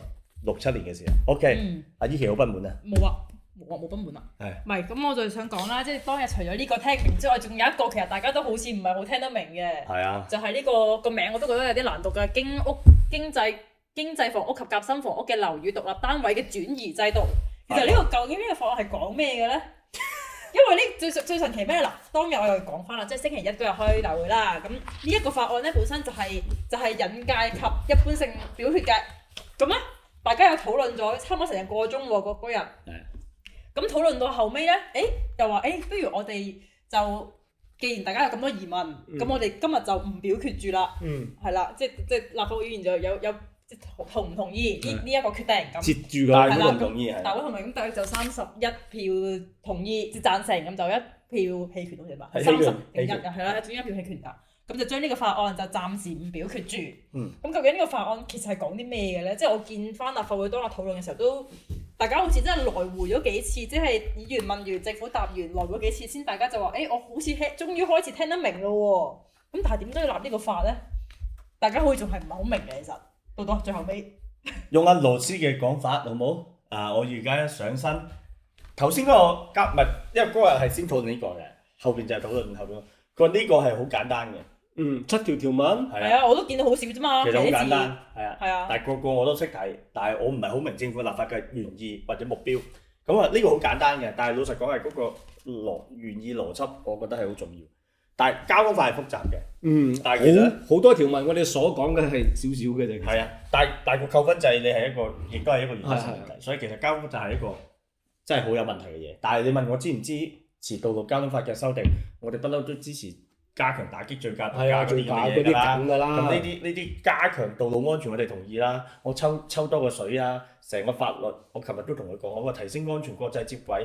六七年嘅時候。OK，阿依琪好不滿啊，冇啊。我冇、哦、不滿啦，係的，唔係咁，我就想講啦，即、就、係、是、當日除咗呢個聽明之外，仲有一個其實大家都好似唔係好聽得明嘅，係啊的，就係呢、這個、這個名字我都覺得有啲難讀嘅經屋經濟經濟房屋及夾心房屋嘅樓宇獨立單位嘅轉移制度。的其實呢個究竟呢個法案係講咩嘅呢？ 因為呢最最神奇咩嗱，當日我又講翻啦，即係星期一嗰日開例會啦，咁呢一個法案呢本身就係、是、就係、是、引介及一般性表決嘅，咁呢，大家又討論咗差唔多成個鐘喎嗰嗰日。咁討論到後尾咧，誒又話誒，不如我哋就既然大家有咁多疑問，咁我哋今日就唔表決住啦，係啦，即即立法會議員就有有即同唔同意呢呢一個決定咁，接住㗎，大家同唔同意係？大家同唔同意？咁但係就三十一票同意，即贊成，咁就一票棄權，好似係三十零一，係啦，仲有一票棄權㗎，咁就將呢個法案就暫時唔表決住。咁究竟呢個法案其實係講啲咩嘅咧？即我見翻立法會當日討論嘅時候都。大家好似真係來回咗幾次，即係議員問完政府答完，來回幾次先，大家就話，誒，我好似聽，終於開始聽得明咯喎。咁但係點都要立呢個法咧？大家可以仲係唔係好明嘅？其實到到最後尾用阿羅斯嘅講法好唔好？啊，我而家一上身頭先嗰個夾屋，因為嗰日係先討論呢個嘅，後邊就係討論後邊。佢話呢個係好簡單嘅。嗯，七條條文，係啊，啊我都見到好少啫嘛。其實好簡單，係啊，係啊。但係個個我都識睇，但係我唔係好明政府立法嘅原意或者目標。咁啊，呢個好簡單嘅，但係老實講係嗰個原意邏輯，我覺得係好重要。但係交通法係複雜嘅，嗯，好好、嗯、多條文我小小，我哋所講嘅係少少嘅啫。係啊，啊但但個扣分制你係一個，亦都係一個原則問題。啊、所以其實交通法就係一個真係好有問題嘅嘢。但係你問我支唔支持道路交通法嘅修訂，我哋不嬲都支持。加強打擊醉駕，打擊呢啲嘢㗎啦。咁呢啲呢啲加強道路安全，我哋同意啦。我抽抽多個水啊！成個法律，我琴日都同佢講，我話提升安全國際接軌。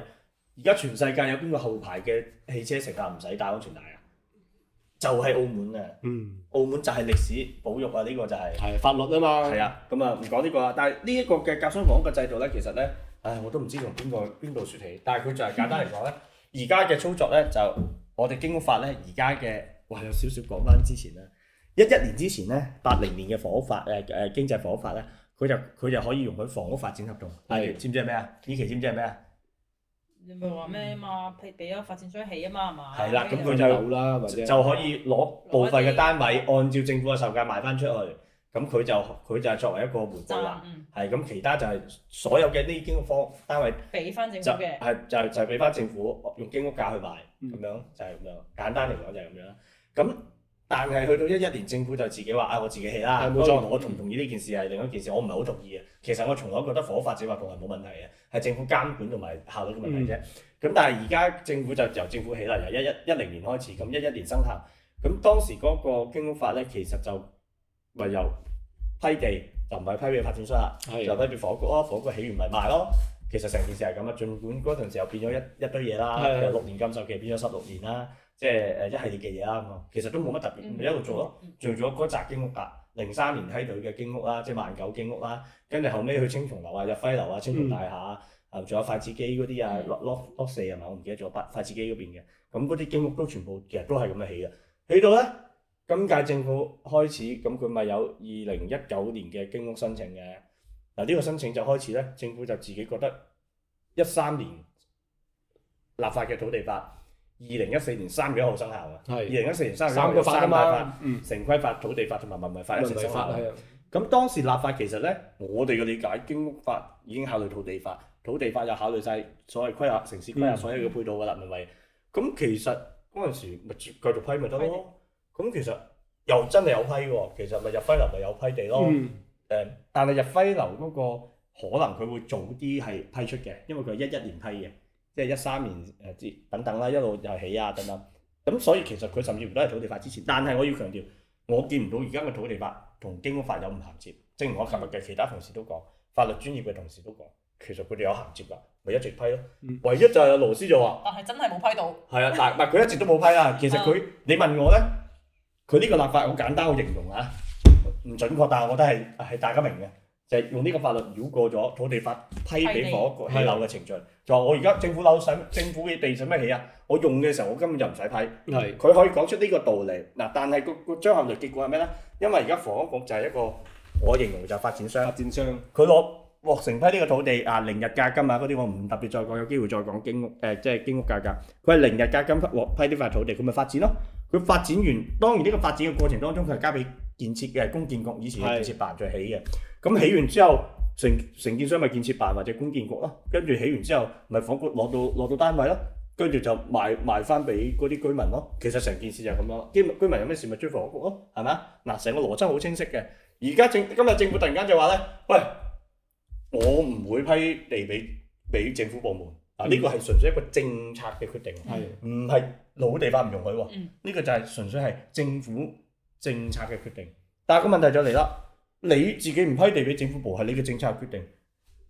而家全世界有邊個後排嘅汽車乘客唔使戴安全帶啊？就係澳門啊！嗯，澳門就係歷史保育啊！呢個就係。係法律啊嘛。係啊，咁啊唔講呢個啦。但係呢一個嘅夾雙房嘅制度咧，其實咧，唉，我都唔知從邊個邊度説起。但係佢就係簡單嚟講咧，而家嘅操作咧就。我哋經屋法咧，而家嘅話有少少講翻之前啦。一一年之前咧，八零年嘅房屋法誒誒經濟房屋法咧，佢就佢就可以用佢房屋發展合同。係的，知唔知係咩啊？依期知唔知係咩啊？你咪話咩啊？嘛、嗯，俾俾個發展商起啊嘛，係咪？係啦，咁佢就好或者就，就可以攞部分嘅單位，按照政府嘅售價賣翻出去。咁佢就佢就係作為一個回報啦。係咁、嗯，其他就係所有嘅呢啲經屋房單位俾翻政府嘅。係就係就係俾翻政府的用經屋價去買。咁樣就係、是、咁樣，簡單嚟講就係咁樣。咁但係去到一一年，政府就自己話：啊，我自己起啦，冇錯我同我同唔同意呢件事係、嗯、另一件事，我唔係好同意啊。其實我從來覺得火發展發局係冇問題嘅，係政府監管同埋效率嘅問題啫。咁、嗯、但係而家政府就由政府起啦，由一一一零年開始，咁一一年生效。咁當時嗰個經法咧，其實就咪由批地，就唔係批俾發展商啦，就批俾火局咯，火局起完咪賣咯。其實成件事係咁啊，儘管嗰陣時又變咗一一堆嘢啦，六、嗯、年禁售期變咗十六年啦，即係誒一系列嘅嘢啦。其實都冇乜特別，咪、嗯嗯、一路做咯。做咗嗰紮經屋啊，零三年批到嘅經屋啦，即係萬九經屋啦，跟住後尾去青松樓啊、日輝樓啊、青松大廈啊，仲、嗯、有筷子基嗰啲啊，落落落四係嘛？4，我唔記得咗，筷筷子基嗰邊嘅。咁嗰啲經屋都全部其實都係咁樣起嘅，起到咧，今屆政府開始咁佢咪有二零一九年嘅經屋申請嘅。嗱，呢個申請就開始咧，政府就自己覺得一三年立法嘅土地法，二零一四年三月一號生效嘅，二零一四年三月一號三個法啊嘛，城規法、嗯、法、土地法同埋文物法一齊成法咁。嗯、當時立法其實咧，我哋嘅理解經屋法已經考慮土地法，土地法又考慮晒所謂規劃、城市規劃所有嘅配套噶啦，咪為咁其實嗰陣時咪繼續批咪得咯。咁的其實又真係有批喎，其實咪入批樓咪有批地咯。嗯誒，但係日輝樓嗰個可能佢會早啲係批出嘅，因為佢係一一年批嘅，即係一三年誒，之等等啦，一路又起啊等等。咁所以其實佢甚至乎都係土地法之前。但係我要強調，我見唔到而家嘅土地法同經法有唔銜接。正如我琴日嘅其他同事都講，法律專業嘅同事都講，其實佢哋有銜接噶，咪一直批咯。嗯、唯一就係律師就話，但係真係冇批到，係啊， 但係佢一直都冇批啊？其實佢， 你問我呢，佢呢個立法好簡單好形容啊。唔準確，但係我覺得係大家明嘅，就係用呢個法律繞過咗土地法批俾房屋局起樓嘅程序。就我而家政府樓想政府嘅地想咩起啊？我用嘅時候我根本就唔使批。係佢可以講出呢個道理嗱，但係個個最後嘅結果係咩咧？因為而家房屋局就係一個，我形容就係發展商、發展商佢攞獲成批呢個土地啊，零日價金啊嗰啲我唔特別再講，有機會再講經屋誒，即係經屋價格。佢係零日價金獲批呢塊土地，佢咪發展咯？佢發展完，當然呢個發展嘅過程當中佢係交俾。建設嘅係公建局，以前嘅建設辦再起嘅，咁起是的 完之後，承承建商咪建設辦或者公建局咯，跟住起完之後咪房局攞到攞到單位咯，跟住就賣賣翻俾嗰啲居民咯。其實成件事就係咁樣，居居民有咩事咪追房局咯，係咪？嗱，成個邏輯好清晰嘅。而家政今日政府突然間就話咧，喂，我唔會批地俾俾政府部門，啊呢個係純粹一個政策嘅決定，係唔係老地法唔容許喎？呢是的 個就係純粹係政府。政策嘅決定，但係個問題就嚟啦，你自己唔批地俾政府部，係你嘅政策決定。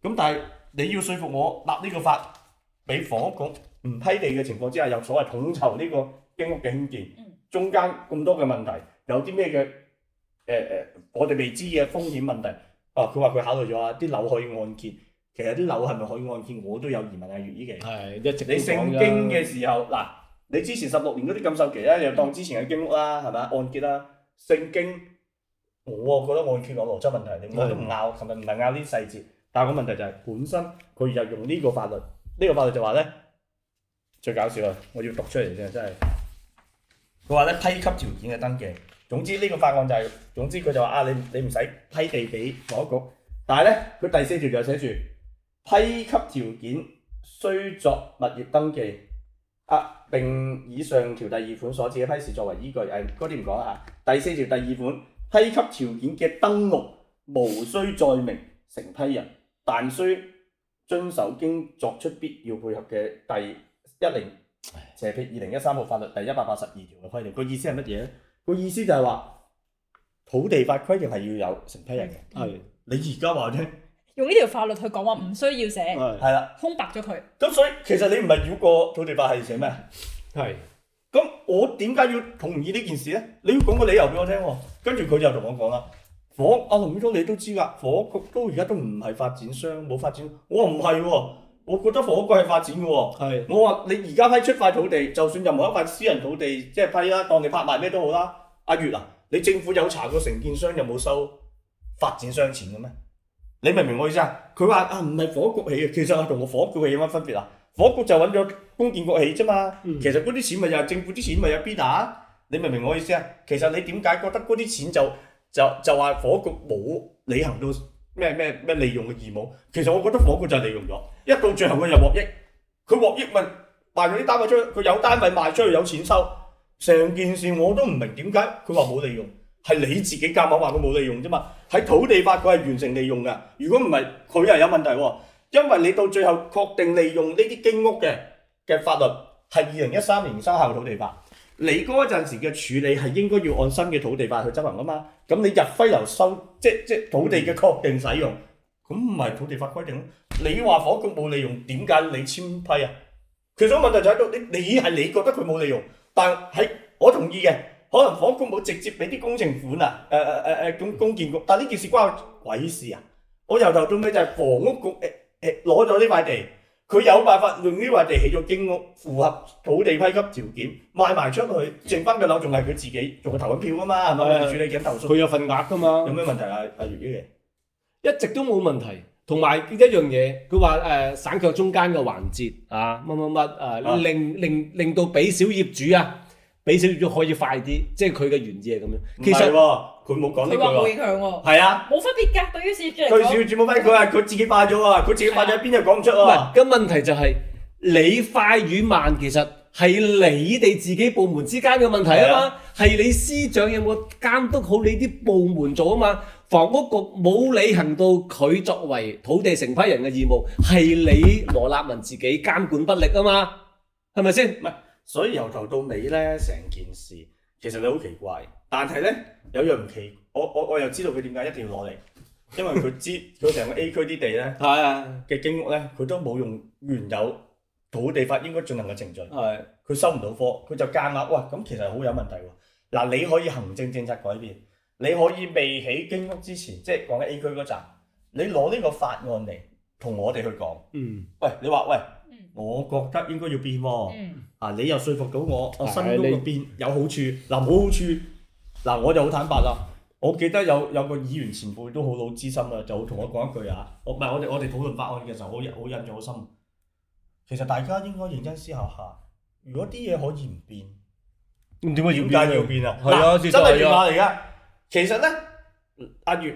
咁但係你要説服我立呢個法，俾房屋局唔批地嘅情況之下，有所謂統籌呢個經屋嘅興建，中間咁多嘅問題，有啲咩嘅誒誒，我哋未知嘅風險問題。哦、啊，佢話佢考慮咗啊，啲樓可以按揭，其實啲樓係咪可以按揭，我都有疑問啊，葉依嘅。係一直你聖經嘅時候，嗱、啊，你之前十六年嗰啲禁售期咧，你又當之前嘅經屋啦，係咪按揭啦。聖經，我啊覺得我唔缺我邏輯問題嚟，我唔拗，琴日唔係拗啲細節，但係個問題就係本身佢就用呢個法律，呢、呢個法律就話咧最搞笑啊，我要讀出嚟先，真係，佢話咧批級條件嘅登記，總之呢個法案就係、係，總之佢就話啊你你唔使批地俾房局，但係咧佢第四條就寫住批級條件需作物業登記啊。並以上條第二款所指嘅批示作為依、這、據、個。誒、哎，嗰啲唔講啦嚇。第四條第二款批給條件嘅登錄，無需載明承批人，但須遵守經作出必要配合嘅第，一零斜撇二零一三號法律第一百八十二條嘅規定。唉個意思係乜嘢咧？個意思就係話土地法規定係要有承批人嘅。係、嗯，你而家話聽。用呢條法律去講話唔需要寫，係啦的，空白咗佢。咁所以其實你唔係繞過土地法係寫咩？係的。咁我點解要同意呢件事咧？你要講個理由俾我聽、哦。他跟住佢就同我講啦，房阿洪宇昌你都知㗎，房屋局都而家都唔係發展商，冇發展。我話唔係喎，我覺得房屋局係發展嘅喎、哦。係的。我話你而家批出塊土地，就算任何一塊私人土地，即係批啦，當你拍賣咩都好啦。阿、啊、月啊，你政府有查過承建商有冇收發展商錢嘅咩？你明唔明我意思啊？佢話啊唔係火局起嘅，其實我同個火局起有乜分別啊？火局就揾咗公建局起啫嘛，嗯、其實嗰啲錢咪又係政府啲錢咪有邊啊？你明唔明我意思啊？其實你點解覺得嗰啲錢就就就話火局冇履行到咩咩咩利用嘅義務？其實我覺得火局就係利用咗，一到最後佢又獲益，佢獲益咪賣咗啲單位出去，佢有單位賣出去有錢收，成件事我都唔明點解佢話冇利用。係你自己夾嘛？話佢冇利用啫嘛？喺土地法佢係完成利用嘅。如果唔係，佢又有問題喎。因為你到最後確定利用呢啲經屋嘅嘅法律係二零一三年生效嘅土地法，你嗰陣時嘅處理係應該要按新嘅土地法去執行啊嘛。咁你入閘由收，即即土地嘅確定使用，咁唔係土地法規定咯？你話房屋局冇利用，點解你簽批啊？其實問題就喺度，你係你覺得佢冇利用，但係我同意嘅。可能房屋局冇直接俾啲工程款啊，呃呃呃呃咁公建局，但呢件事關我鬼事啊！我由頭到尾就係房屋局誒誒攞咗呢塊地，佢有辦法用呢塊地起咗經屋，符合土地批給條件，賣埋出去，嗯、剩翻嘅樓仲係佢自己，仲係投緊票啊嘛，係咪、嗯？處理緊投訴，佢有份額噶嘛。 有咩問題啊？阿月 一直都冇問題，同埋一樣嘢，佢話、呃、省卻中間嘅環節啊，乜乜乜啊，令令令到俾小業主啊。俾小業主可以快啲，即係佢嘅原意係咁樣。其實佢冇講呢句喎，係啊，冇、啊啊、分別噶。對於小業主嚟講，小業主冇分，佢呀，佢自己快咗啊，佢自己快咗邊又講唔出啊。唔係，個問題就係、是、你快與慢，其實係你哋自己部門之間嘅問題啊嘛，係、啊、你司長有冇監督好你啲部門做啊嘛？房屋局冇履行到佢作為土地承批人嘅義務，係你羅立文自己監管不力啊嘛？係咪先？所以由頭到尾咧，成件事其實你好奇怪，但係咧有樣唔奇怪，我我我又知道佢點解一定要攞嚟，因為佢知佢成個 A 區啲地咧嘅經屋咧，佢都冇用原有土地法應該進行嘅程序，係佢 收唔到科，佢就加碼。哇！咁其實好有問題喎。嗱，你可以行政政策改變，你可以未起經屋之前，即係講緊 A 區嗰站，你攞呢個法案嚟同我哋去講。嗯喂，喂，你話喂。我覺得應該要變喎，啊！你又說服到我，我身都會變有好處，嗱冇好處，嗱我就好坦白啦。我記得有有個議員前輩都好老資深啦，就同我講一句啊，我唔係我哋我哋討論法案嘅時候，好印好印象好深。其實大家應該認真思考下，如果啲嘢可以唔變，點解要變啊？係啊，真係變化嚟噶。其實咧，阿月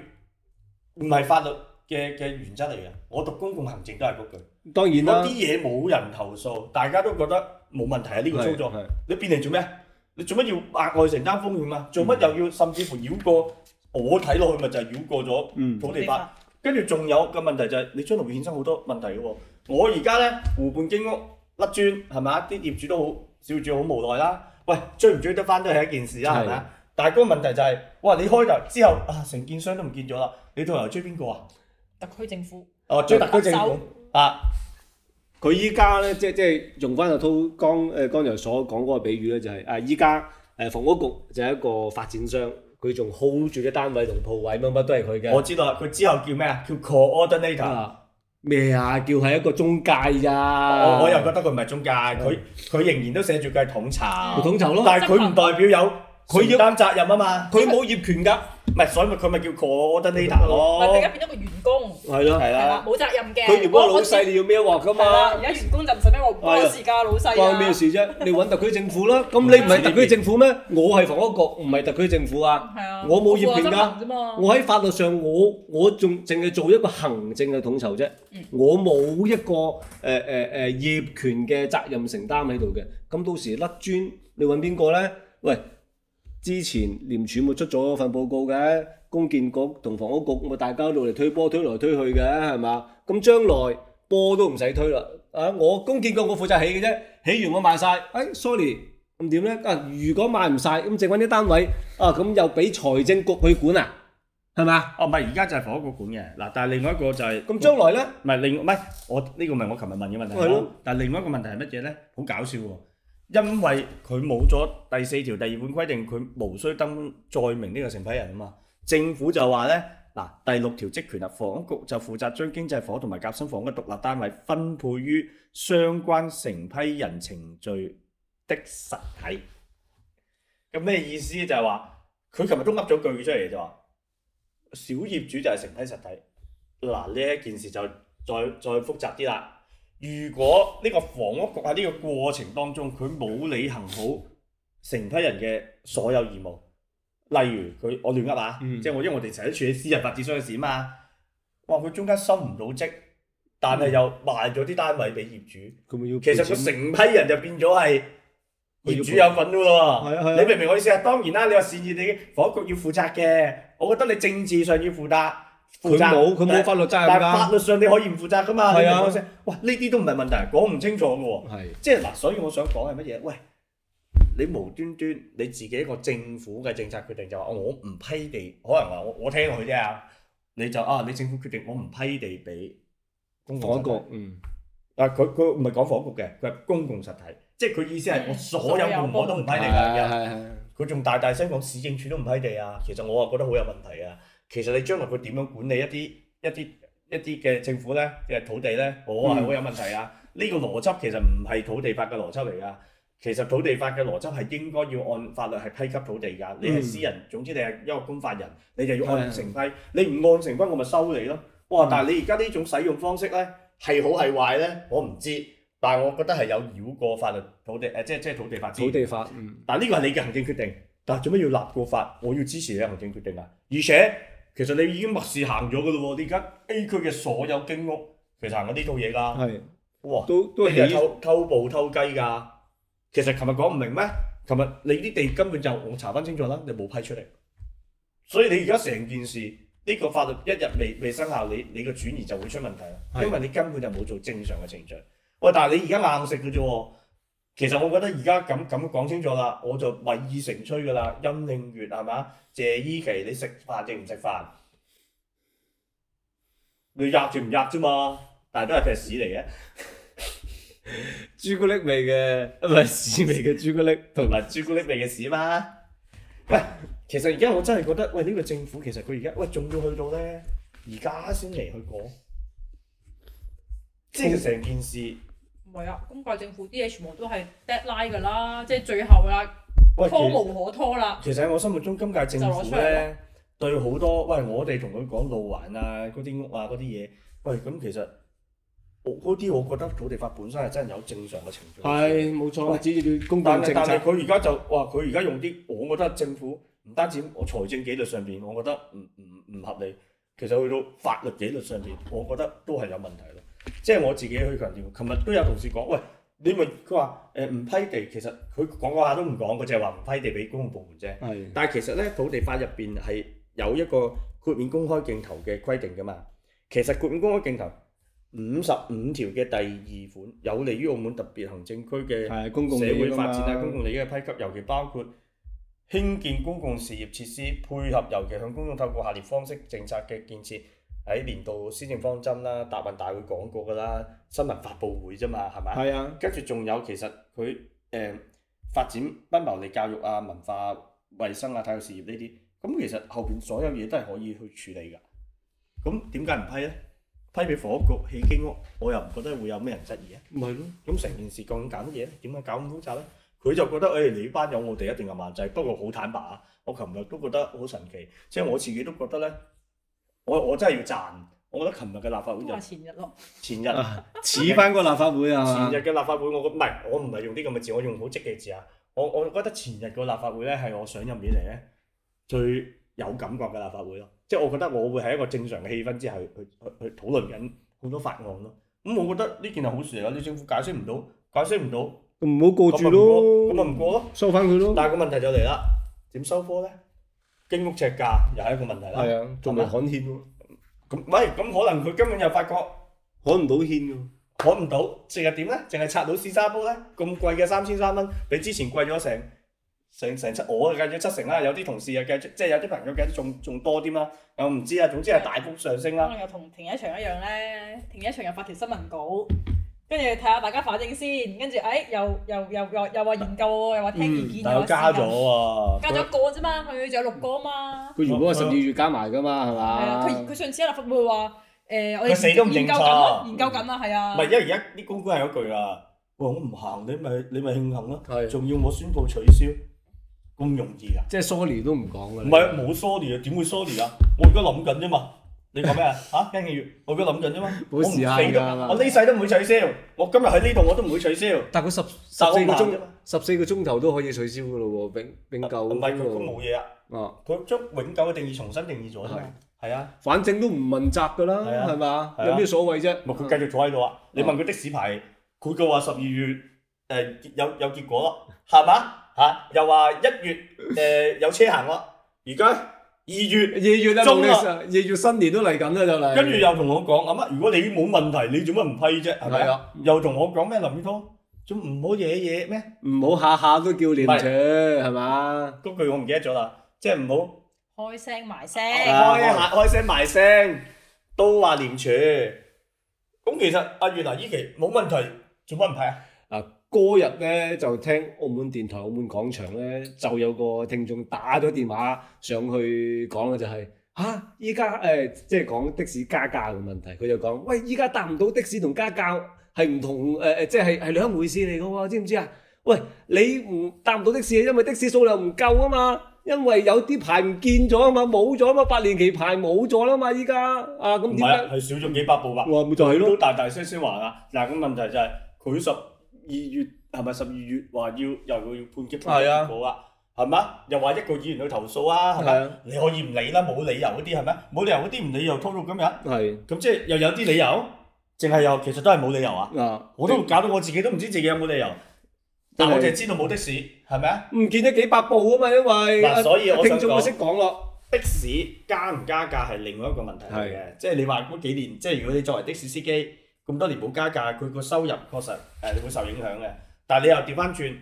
唔係法律嘅嘅原則嚟嘅，我讀公共行政都係嗰句。當然啦，啲嘢冇人投訴，大家都覺得冇問題啊！呢個操作你變嚟做咩？你做乜要額外承擔風險啊？做乜又要甚至乎繞過我睇落去咪就係、是、繞過咗土地法？跟住仲有一個問題就係，你將來會衍生好多問題嘅喎。我而家咧湖畔經屋甩磚係咪，啲業主都好少主好無奈啦。喂，追唔追得翻都係一件事啦，係咪啊？的但係嗰個問題就係、是，哇！你開頭之後啊，承建商都唔見咗啦，你到嚟追邊個啊？特區政府哦、啊，追特區政府。啊啊！佢依家咧，即即係用翻阿滔剛誒剛才所講嗰個比喻咧、就是，就係啊依家誒房屋局就係一個發展商，佢仲 hold 住啲單位同鋪位乜乜都係佢嘅。我知道，佢之後叫咩啊？叫 Coordinator 咩啊？叫係一個中介咋、啊？我又覺得佢唔係中介，佢佢、嗯、仍然都寫住佢係統籌，統籌咯。但係佢唔代表有。佢要擔責任啊嘛，佢冇業權㗎。唔係所以咪佢咪叫 coordinator 咯。唔係而家變咗個員工，係咯係啊，冇責任嘅。佢如果老細要孭鑊㗎嘛，而家員工就唔使孭鑊，冇乜事㗎，老細，關咩事啫？你揾特區政府啦，咁你唔係特區政府咩？我係房屋局，唔係特區政府啊。係啊，我冇業權㗎，我喺法律上我我仲淨係做一個行政嘅統籌啫，我冇一個誒誒誒業權嘅責任承擔喺度嘅。咁到時甩磚，你揾邊個咧？喂！之前廉署咪出咗份報告嘅，公建局同房屋局咪大家攞嚟推波推來推去嘅，係嘛？咁將來波都唔使推啦，啊！我公建局我負責起嘅啫，起完我賣曬，誒，sorry，咁點咧？啊，如果賣唔曬，咁剩翻啲單位啊，咁又俾財政局去管啊？係嘛？哦，唔係，而家就係房屋局管嘅嗱，但係另外一個就係咁將來咧，唔係另唔係我呢個唔係我琴日問嘅問題，但係另外一個問題係乜嘢咧？好搞笑喎！因為佢冇咗第四條第二款規定，佢無需登載明呢個承批人啊嘛。政府就話呢，嗱第六條職權，房局就負責將經濟房同埋夾心房嘅獨立單位分配於相關承批人程序的實體。咁咩意思呢？就係話佢琴日都噏咗句出嚟就話，小業主就係承批實體。嗱呢一件事就再再複雜啲啦。如果呢個房屋局喺呢個過程當中，佢冇履行好成批人嘅所有義務，例如佢我亂呃啊，即係我因為我哋成日處喺私人發展商嘅事啊嘛，哇佢中間收唔到職，但係又賣咗啲單位俾業主，嗯、其實佢成批人就變咗係業主有份嘅喎，你明唔明我意思啊？當然啦，你話善意地房屋局要負責嘅，我覺得你政治上要負責。負責佢冇，佢冇是法律責任。但法律上你可以唔負責噶嘛？係是啊。喂，呢啲都唔係問題，講唔清楚嘅喎。係。即係嗱，所以我想講係乜嘢？喂，你無端端你自己一個政府嘅政策決定就話我唔批地，可能話我我聽佢啫啊？是的 你就啊，你政府決定我唔批地俾房局，嗯，啊佢佢唔係講房局嘅，佢係公共實體，即係佢意思係我的所有部門我都唔批地。係係係。佢仲大大聲講市政處都唔批地啊！其實我啊覺得好有問題啊！其實你將來會點樣管理一啲一啲一啲嘅政府咧嘅土地呢？我係會有問題啊！呢、嗯、個邏輯其實唔係土地法嘅邏輯嚟噶。其實土地法嘅邏輯係應該要按法律係批給土地噶。嗯、你係私人，總之你係一個公法人，你就要按成批。是的 你唔按成批，我咪收你咯。哇！嗯、但係你而家呢種使用方式呢，係好係壞呢？我唔知。但係我覺得係有繞過法律土地即係即係土地法。土地法。但呢個係你嘅行政決定。但係做咩要立個法？我要支持你嘅行政決定啊！而且。其實你已經默示行咗嘅咯喎，你而家 A 區嘅所有經屋其實行緊呢套嘢㗎，是哇，都都係偷偷步捕偷雞㗎。其實琴日講唔明咩？琴日你啲地根本就我查翻清楚啦，你冇批出嚟。所以你而家成件事呢個法律一日未未生效，你你個轉移就會出問題啦。是的 因為你根本就冇做正常嘅程序。喂，但係你而家硬食嘅啫喎。其實我覺得而家咁咁講清楚啦，我就買二成出噶啦。陰應月係嘛？謝依琪，你食飯定唔食飯？你吔住唔吔啫嘛？但係都係塊屎嚟嘅， 朱古力味嘅，唔係屎味嘅朱古力同埋朱古力味嘅屎嘛？喂， 其實而家我真係覺得，喂，呢個政府其實佢而家喂仲要去到咧，而家先嚟去講，即係成件事。唔係啊，公屆今屆政府啲嘢全部都係 dead line 㗎啦，即係最後啦，拖喂無可拖啦。其實喺我心目中，今屆政府咧對好多，喂，我哋同佢講路環啊，嗰啲屋啊，嗰啲嘢，喂，咁其實嗰啲我，我覺得土地法本身係真係有正常嘅程序。係冇錯，但係佢而家就哇，佢而家用啲，我覺得政府唔單止我財政紀律上邊，我覺得唔唔唔合理。其實去到法律紀律上邊，我覺得都係有問題咯。即係我自己去強調，琴日都有同事講，喂，你咪佢話誒唔批地，其實佢講嗰下都唔講，佢就係話唔批地俾公共部門啫。係，但係其實呢，土地法入邊係有一個豁免公開競投嘅規定㗎嘛。其實豁免公開競投五十五條嘅第二款，有利於澳門特別行政區嘅公共社會發展啊，公共利益嘅批給，尤其包括興建公共事業設施，配合尤其向公眾透過下列方式政策嘅建設。喺年度施政方針啦，答問大會講過噶啦，新聞發佈會啫嘛，係咪？係是啊。跟住仲有，其實佢誒、嗯、發展不牟利教育啊、文化、衞生啊、體育事業呢啲，咁其實後邊所有嘢都係可以去處理噶。咁點解唔批咧？批俾房屋局起經屋，我又唔覺得會有咩人質疑是啊。唔係咯，咁成件事咁簡單，點解搞咁複雜咧？佢就覺得誒、欸，你班友我哋一定係萬濟，不過好坦白啊，我琴日都覺得好神奇，即、就、係、是、我自己都覺得咧。我我真係要讚，我覺得琴日嘅立法會前日，前日咯，前日 似翻個立法會啊，前日嘅立法會我唔係，我唔係用啲咁嘅字，我用好積極字啊，我我覺得前日個立法會咧係我上面嚟來最有感覺嘅立法會咯，即、就、係、是、我覺得我會喺一個正常嘅氣氛之下去去，去，去討論緊好多法案咯，咁、嗯、我覺得呢件係好事嚟嘅，啲政府解釋唔到，解釋唔到，唔好過住咯，咁咪唔過咯，收翻佢咯，但係個問題就嚟啦，點收科咧？經屋尺價又係一個問題啦，仲未攤軒喎。咁，喂，咁可能佢根本又發覺攤唔到軒喎。攤唔到，淨係點咧？淨係拆到四沙坡咧，咁貴嘅三千三蚊，比之前貴咗成成成七，我計咗七成啦。有啲同事又計，即係有啲朋友計得仲仲多啲啦。我唔知啊，總之係大幅上升啦。可能又同停車場一樣咧，停車場又發條新聞稿。跟住睇下大家反應先，跟住誒又又又又又話研究喎，又話聽意見，又話研究。加咗喎，加咗個啫嘛，佢仲有六個啊嘛。佢如果十二月加埋噶嘛，係嘛？係啊，佢佢上次立法會話誒，我哋研究緊，研究緊啊，係啊。唔係，因為而家啲官官係嗰句啊，我唔行，你咪你咪慶幸咯。係。仲要我宣布取消，咁容易啊？即係 sorry 都唔講㗎啦。唔係冇 sorry 啊？點會 sorry 啊？我而家諗緊啫嘛。你講咩啊？嚇，一月我俾諗盡啫嘛，我唔死㗎，我呢世都唔會取消，我今日喺呢度我都唔會取消。但佢十十四個鐘，十四個鐘頭都可以取消噶咯喎，永永久嗰度。唔係佢都冇嘢啊。啊，佢將永久嘅定義重新定義咗。係啊，反正都唔問責㗎啦，係嘛？有咩所謂啫？咪佢繼續坐喺度啊！你問佢的士牌，佢嘅話十二月誒有有結果咯，係嘛？嚇，又話一月誒有車行喎，而家，二月二月啦，中啦，二月新年都嚟緊啦就嚟。跟住又同我講，阿媽，如果你冇問題，你做乜唔批啫？係咪啊？又同我講咩？林宇滔，仲唔好惹嘢咩？唔好下下都叫廉署係嘛？嗰句我唔記得咗啦，即係唔好開聲埋聲，開下開聲埋聲都話廉署。咁其實阿月嗱，依期冇問題，做乜唔批啊？嗰日呢，就聽澳門電台、澳門廣場呢，就有個聽眾打咗電話上去講，就係嚇依家即係講的士加價嘅問題，佢就講喂，依家搭唔到的士同加價係唔同，即係係兩回事嚟嘅喎，知唔知呀？喂，你唔搭唔到的士，因為的士數量唔夠嘛，因為有啲牌唔見咗啊嘛，冇咗嘛，八年期牌冇咗啦嘛，依家啊咁點解係少咗幾百部啊？就係咯，大大聲聲話噶，就是、但係問題就係、是二月係咪十二月話要又要判決，判決是啊，啊，冇啊？係嘛？又話一個議員去投訴啊？係嘛？是啊、你可以唔理啦，冇理由嗰啲係咪？冇理由嗰啲唔理由拖到今日。係。咁即係又有啲理由，淨係又其實都係冇理由啊！是啊我都搞到我自己都唔知自己有冇理由，是啊、但我淨係知道冇的士，係咪啊？唔見得幾百部啊嘛，因為、啊、所以我想講，的、啊、士加唔加價係另外一個問題嚟嘅，是啊、即係你話嗰幾年，即係如果你作為的士司機。咁多年冇加價，佢個收入確實誒會受影響嘅。但係你又調翻轉，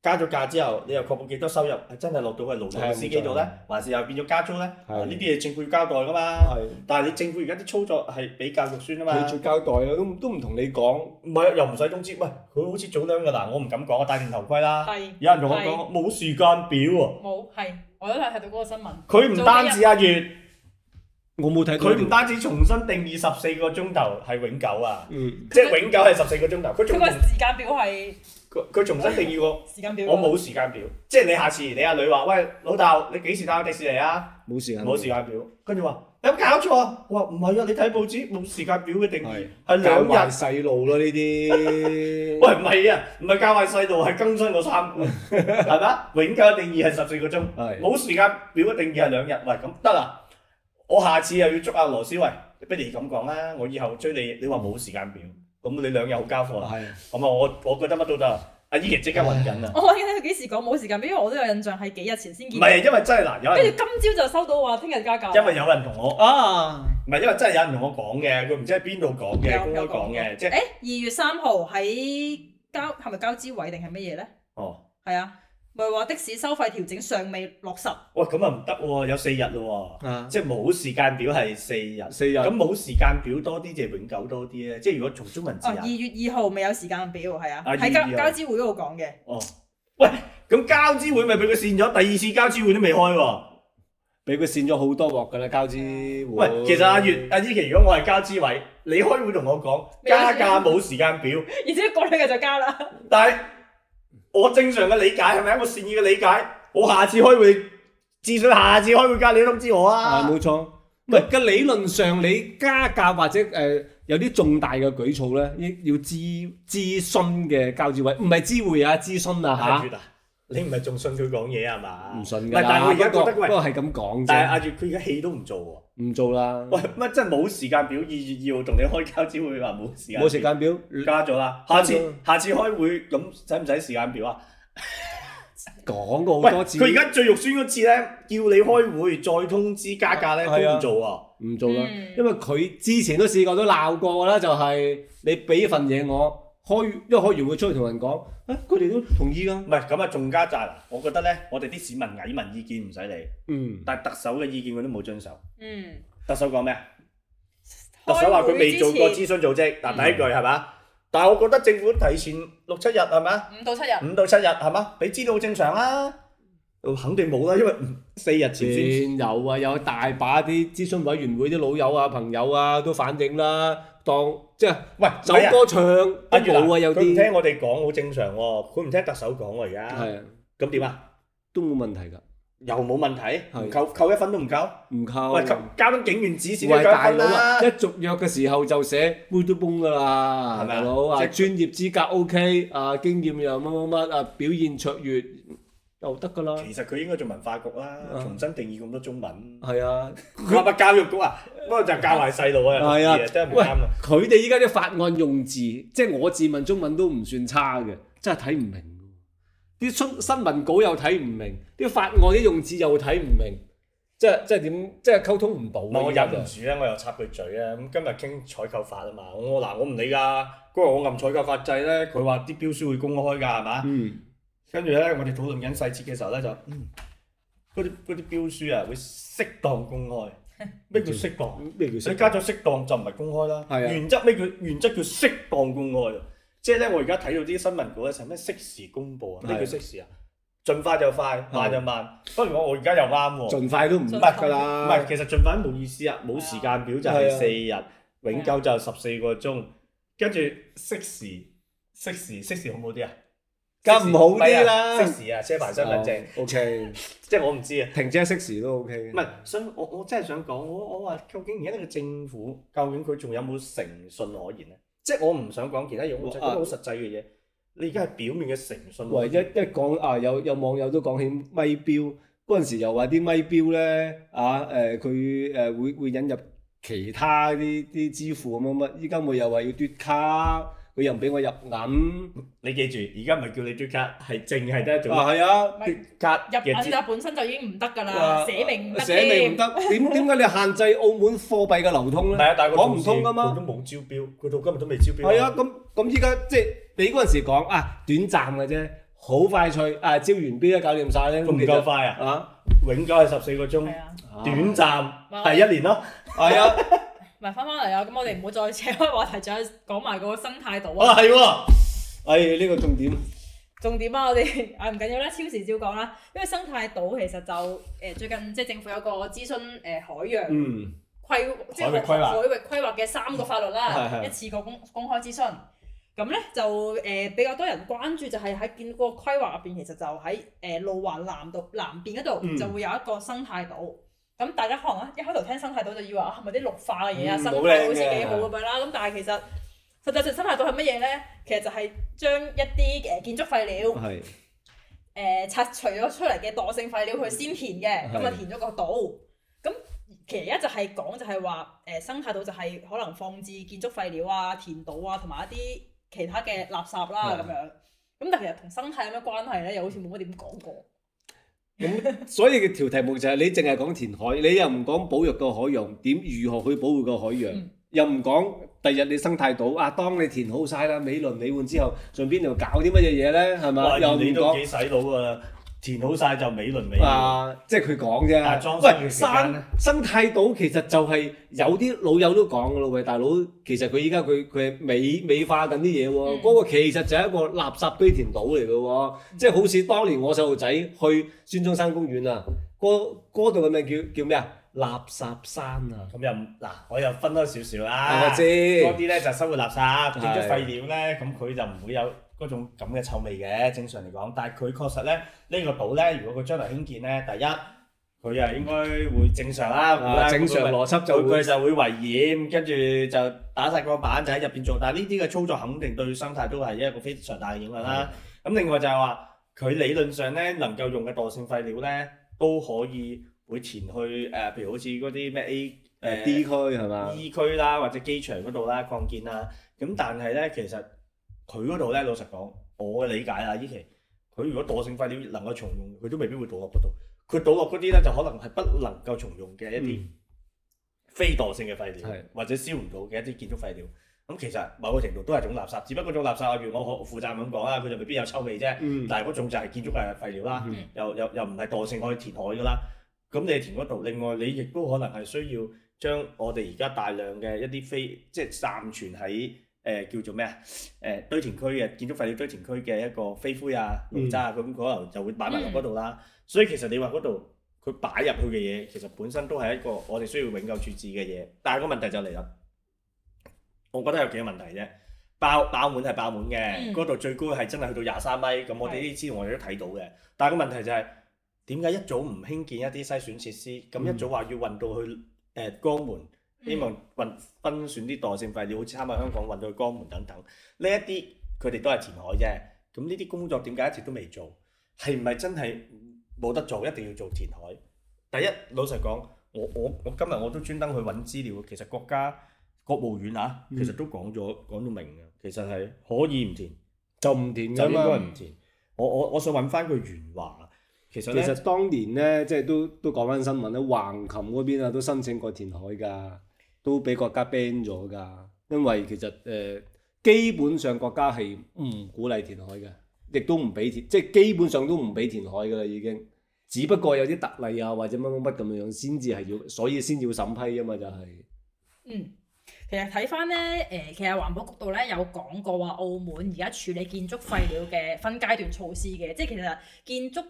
加咗價之後，你又確保幾多收入？係真係落到個勞動嘅司機度咧，還是又變咗加租咧？呢啲嘢政府要交代噶嘛？係。但係你政府而家啲操作係比較謹慎啊嘛。佢做交代啊，都都唔同你講，唔係又唔使通知喂，佢好似早啲㗎啦，我唔敢講啊，戴定頭盔啦。係。有人同我講冇時間表喎。冇，係我都係睇到嗰個新聞。佢唔單止一月。我冇睇過佢唔單止重新定義十四個鐘頭係永久啊，即係永久係十四個鐘頭。佢仲個時間表係佢佢重新定義個時間表。我冇時間表，即係你下次你阿女話，喂，老豆，你幾時帶我迪士尼啊？冇時間，冇時間表。跟住話，有冇搞錯？我話唔係啊，你睇報紙冇時間表嘅定義係兩日。教壞細路咯呢啲。喂唔係啊，唔係教壞細路，係更新個三句係咪啊？永久嘅定義係十四個鐘，冇時間表嘅定義係兩日。喂，咁得啦。我下次又要捉阿羅思慧，你不如咁講啦。我以後追你，你話冇時間表，咁你兩日好交貨啦。咁是啊我，我我覺得乜都得。阿伊傑即刻揾緊啦。是啊、我揾緊佢幾時講冇時間表，因為我都有印象係幾日前先見到。唔係，因為真係嗱，有人跟住今朝就收到話聽日加價。因為有人同我啊，唔係因為真係有人同我講嘅，佢唔知喺邊度講嘅，公開講嘅，即係。誒，二月三號喺交係咪交諮委定係乜嘢咧？哦，係啊。咪係話的士收費調整尚未落實，喂咁啊唔得喎，有四日咯喎，即係冇時間表係四日，四日咁冇時間表多啲就係永久多啲咧，即係如果從中文字，二、啊、月二號未有時間表係啊，喺交交資會嗰度講嘅，哦喂，咁交資會咪俾佢扇咗，第二次交資會都未開喎，啊，俾佢扇咗好多鑊噶啦交支會，喂、嗯、其實阿月阿依琪如果我係交資委，你開會同我講加價冇時間表時間，而且後過兩日就加啦，但係。我正常的理解係咪一個善意的理解？我下次開會諮詢，下次開會加你通知我啊。係冇錯，唔係嘅，理論上你加價或者誒、呃、有啲重大的舉措咧，要諮諮詢嘅交諮委，唔係知會啊，諮詢啊你唔係仲信佢講嘢係咪？唔信嘅。但係我而家覺得，喂，但係阿月佢而家氣都唔做喎，唔做啦。喂，乜真係冇時間表？二月二號同你開交諮會話冇時間。冇時間表，加咗啦。下次下次開會咁，使唔使時間表啊？講過好多次。佢而家最肉酸嗰次呢，叫你開會再通知加價呢，都唔做喎。唔做啦。因為佢之前都試過都鬧過啦，就係你俾份嘢我。開，因為開完會出去同人講，啊，佢哋都同意噶。唔係咁啊，仲加雜啊！我覺得咧，我哋啲市民、蟻民意見唔使理。嗯。但係特首嘅意見佢都冇遵守。嗯。特首講咩？特首話佢未做過諮詢組織。嗱、嗯，第一句係嘛？但係我覺得政府提前六七日係嘛？五到七日。五到七日係嘛？俾知道好正常啦，啊。嗯、我肯定冇啦，因為、嗯、四日前先有啊，有大把啲諮詢委員會啲老友啊，朋友啊都反映啦。當即係喂，走歌唱不如啊，有啲佢唔聽我哋講，好正常喎。佢唔聽特首講喎，而家係啊，咁點啊？都冇問題㗎，又冇問題，扣扣一分都唔扣，唔扣喂，交通警員指示大佬啦。一續約嘅時候就寫杯都崩㗎啦，係咪啊？大佬啊，專業資格 OK 啊，經驗又乜乜乜啊，表現卓越又得㗎啦。其實佢應該做文化局啦，重新定義咁多中文係啊，佢係咪教育局啊。不過就教壞細路啊！係啊，真係唔啱啊！佢哋依家啲法案用字，即係我自問中文都唔算差嘅，真係睇唔明。啲新新聞稿又睇唔明，啲法案啲用字又睇唔明，即係即係點？即係溝通唔到。我忍唔住咧，我又插佢嘴啊！咁今日傾採購法啊嘛，我嗱我唔理噶，嗰日我暗採購法制咧，佢話啲標書會公開㗎係嘛？嗯，跟住咧，我哋討論緊細節嘅時候咧，就嗯，嗰啲啲標書啊，會適當公開。咩叫適當？咩叫適當？你加咗適當就唔係公開啦。原則咩叫原則叫適當公開？即係咧，我而家睇到啲新聞稿咧，成咩適時公佈啊？咩叫適時啊？盡快就快，慢就慢。不如講我而家又啱喎。盡快都唔得㗎啦。唔係，其實盡快都冇意思啊。冇時間表就係四日，永久就十四個鐘，跟住適時、適時、適時好唔好啲啊？咁唔好啲啦，息事啊，啊車牌身份證，O K，即係我唔知啊，okay、是知道啊停車息事都 O K。唔係，所以我我真係想講，我我話究竟而家呢個政府，究竟佢仲有冇誠信可言咧？即、就、係、是、我唔想講其他嘢，我想講好實際嘅嘢。啊、你而家係表面嘅誠信，為一即係講啊，有有網友都講起咪標，嗰陣時候又話啲咪標咧啊誒，佢、呃、誒會會引入其他啲啲支付咁樣乜，依家咪又話要嘟卡。佢又唔俾我入銀，你記住，而家唔係叫你追加，係淨係得一種。啊，係啊，追加入嘅資。追加本身就已經唔得㗎啦，寫明、寫明唔得，點點解你限制澳門貨幣嘅流通咧？係啊，大個同事。講唔通㗎嘛？佢都冇招標，佢到今日都未招標。係啊，咁咁依家即係你嗰陣時講啊，短暫嘅啫，好快脆啊，招完標都搞掂曬咧。唔夠快啊！啊，永久係十四個鐘，短暫第一年咯。係啊。唔係翻返嚟啊！咁我哋唔好再扯開話題，仲要講埋個生態島啊！係喎，呢、哎呢個重點。重點啊！我哋哎唔緊要啦，超時照講啦。因、這、為、個、生態島其實就誒、呃、最近即係、就是、政府有個諮詢誒、呃、海洋規,、嗯、是規劃，即係海域規劃嘅三個法律啦，嗯、一次過公公開諮詢。咁咧就誒、呃、比較多人關注，就係、是、喺見個規劃入邊，其實就喺誒、呃、路環南度南邊嗰度就會有一個生態島。嗯咁大家可能一開頭聽生態島就以為啊，係咪啲綠化嘅嘢啊？生態島好似幾好咁樣啦，咁、嗯、但係其實實際上生態島係乜嘢咧？其實就係將一啲誒建築廢料誒是、呃、拆除咗出嚟嘅惰性廢料去先填嘅，咁啊填咗個島。咁是其實一就係講就係話誒生態島就係可能放置建築廢料啊、填島啊同埋一啲其他嘅垃圾啦、啊、咁是樣。咁但係其實同生態有咩關係咧？又好似冇乜點講過。咁 所以條題目就係你淨係講填海，你又唔講保育個海洋點如，如何去保護個海洋，嗯、又唔講第日你生態島啊，當你填好晒啦，美輪美奐之後，上邊就搞啲乜嘢嘢咧？係咪？哇又唔講，幾洗腦呀。填好晒就美輪美奐。啊，即係佢講啫。裝喂，生呢生態島其實就係有啲老友都講噶咯，喂大佬，其實佢而家佢佢係美美化緊啲嘢喎。嗰、嗯、個其實就係一個垃圾堆填島嚟嘅喎，即係、嗯、好似當年我細路仔去孫中山公園啊，嗰嗰度嘅名叫叫咩？垃圾山啊！咁又嗱，我又分多少少啦。我知、啊姐。嗰啲呢就係生活垃圾，即係廢料咧，咁佢就唔會有。嗰種咁嘅臭味嘅，正常嚟講，但係佢確實咧呢個島咧，如果佢將來興建咧，第一佢啊應該會正常啦，啊正常邏輯就會就會危險，跟住就打曬個板就喺入邊做，但係呢啲嘅操作肯定對生態都係一個非常大嘅影響啦。咁另外就係話佢理論上咧能夠用嘅惰性廢料咧都可以會填去誒，譬如好似嗰啲咩 A 誒 D 區係嘛，E 區啦或者機場嗰度啦擴建啊，咁但係咧其實。佢嗰度咧，老實講，我嘅理解啊，依期佢如果惰性廢料能夠重用，佢都未必會倒落嗰度。佢倒落嗰啲咧，就可能係不能夠重用嘅一啲非惰性嘅廢料，嗯、或者燒唔到嘅一啲建築廢料。咁是其實某個程度都係種垃圾，只不過種垃圾例如我好負責咁講啦，佢就未必有臭味啫。嗯、但係嗰種就係建築嘅廢料啦、嗯，又又又唔係惰性可以填海噶啦。咁你係填嗰度，另外你亦都可能係需要將我哋而家大量嘅一啲非即係暫存喺。誒、呃、叫做咩啊？誒、呃、堆填區嘅建築廢料，堆填區嘅一個飛灰啊、泥渣啊，咁、嗯、可能就會擺埋落嗰度啦。嗯、所以其實你話嗰度佢擺入去嘅嘢，其實本身都係一個我哋需要永久處置嘅嘢。但係個問題就嚟啦，我覺得有幾個問題啫。爆爆滿係爆滿嘅，嗰度、嗯、最高係真係去到廿三米。咁我哋呢啲資料我哋都睇到嘅。是但係個問題就係點解一早唔興建一啲篩選設施？咁一早話要運到去誒、呃、江門。希望運分選啲代性廢料，好似參加香港運到去江門等等，呢一啲佢哋都係填海啫。咁呢啲工作點解一直都未做？係唔係真係冇得做？一定要做填海？第一，老實講，我我我今日我都專登去揾資料。其實國家國務院啊，其實都講咗講到明嘅，其實係可以唔填，就唔填㗎嘛。就應該唔填。我我我想揾翻句原話。其實其實當年咧，即係都都講翻新聞咧，橫琴嗰邊啊都申請過填海㗎。都俾國家 ban 咗噶，因為其實誒、呃、基本上國家係唔鼓勵填海嘅，亦都唔俾填，即係基本上都唔俾填海噶啦已經。只不過有啲特例啊或者乜乜乜咁樣，先至係要，所以先要審批啊嘛，就係。嗯，其實睇翻咧誒，其實環保局度咧有講過話，澳門而家處理建築廢料嘅分階段措施嘅， 即係其實建築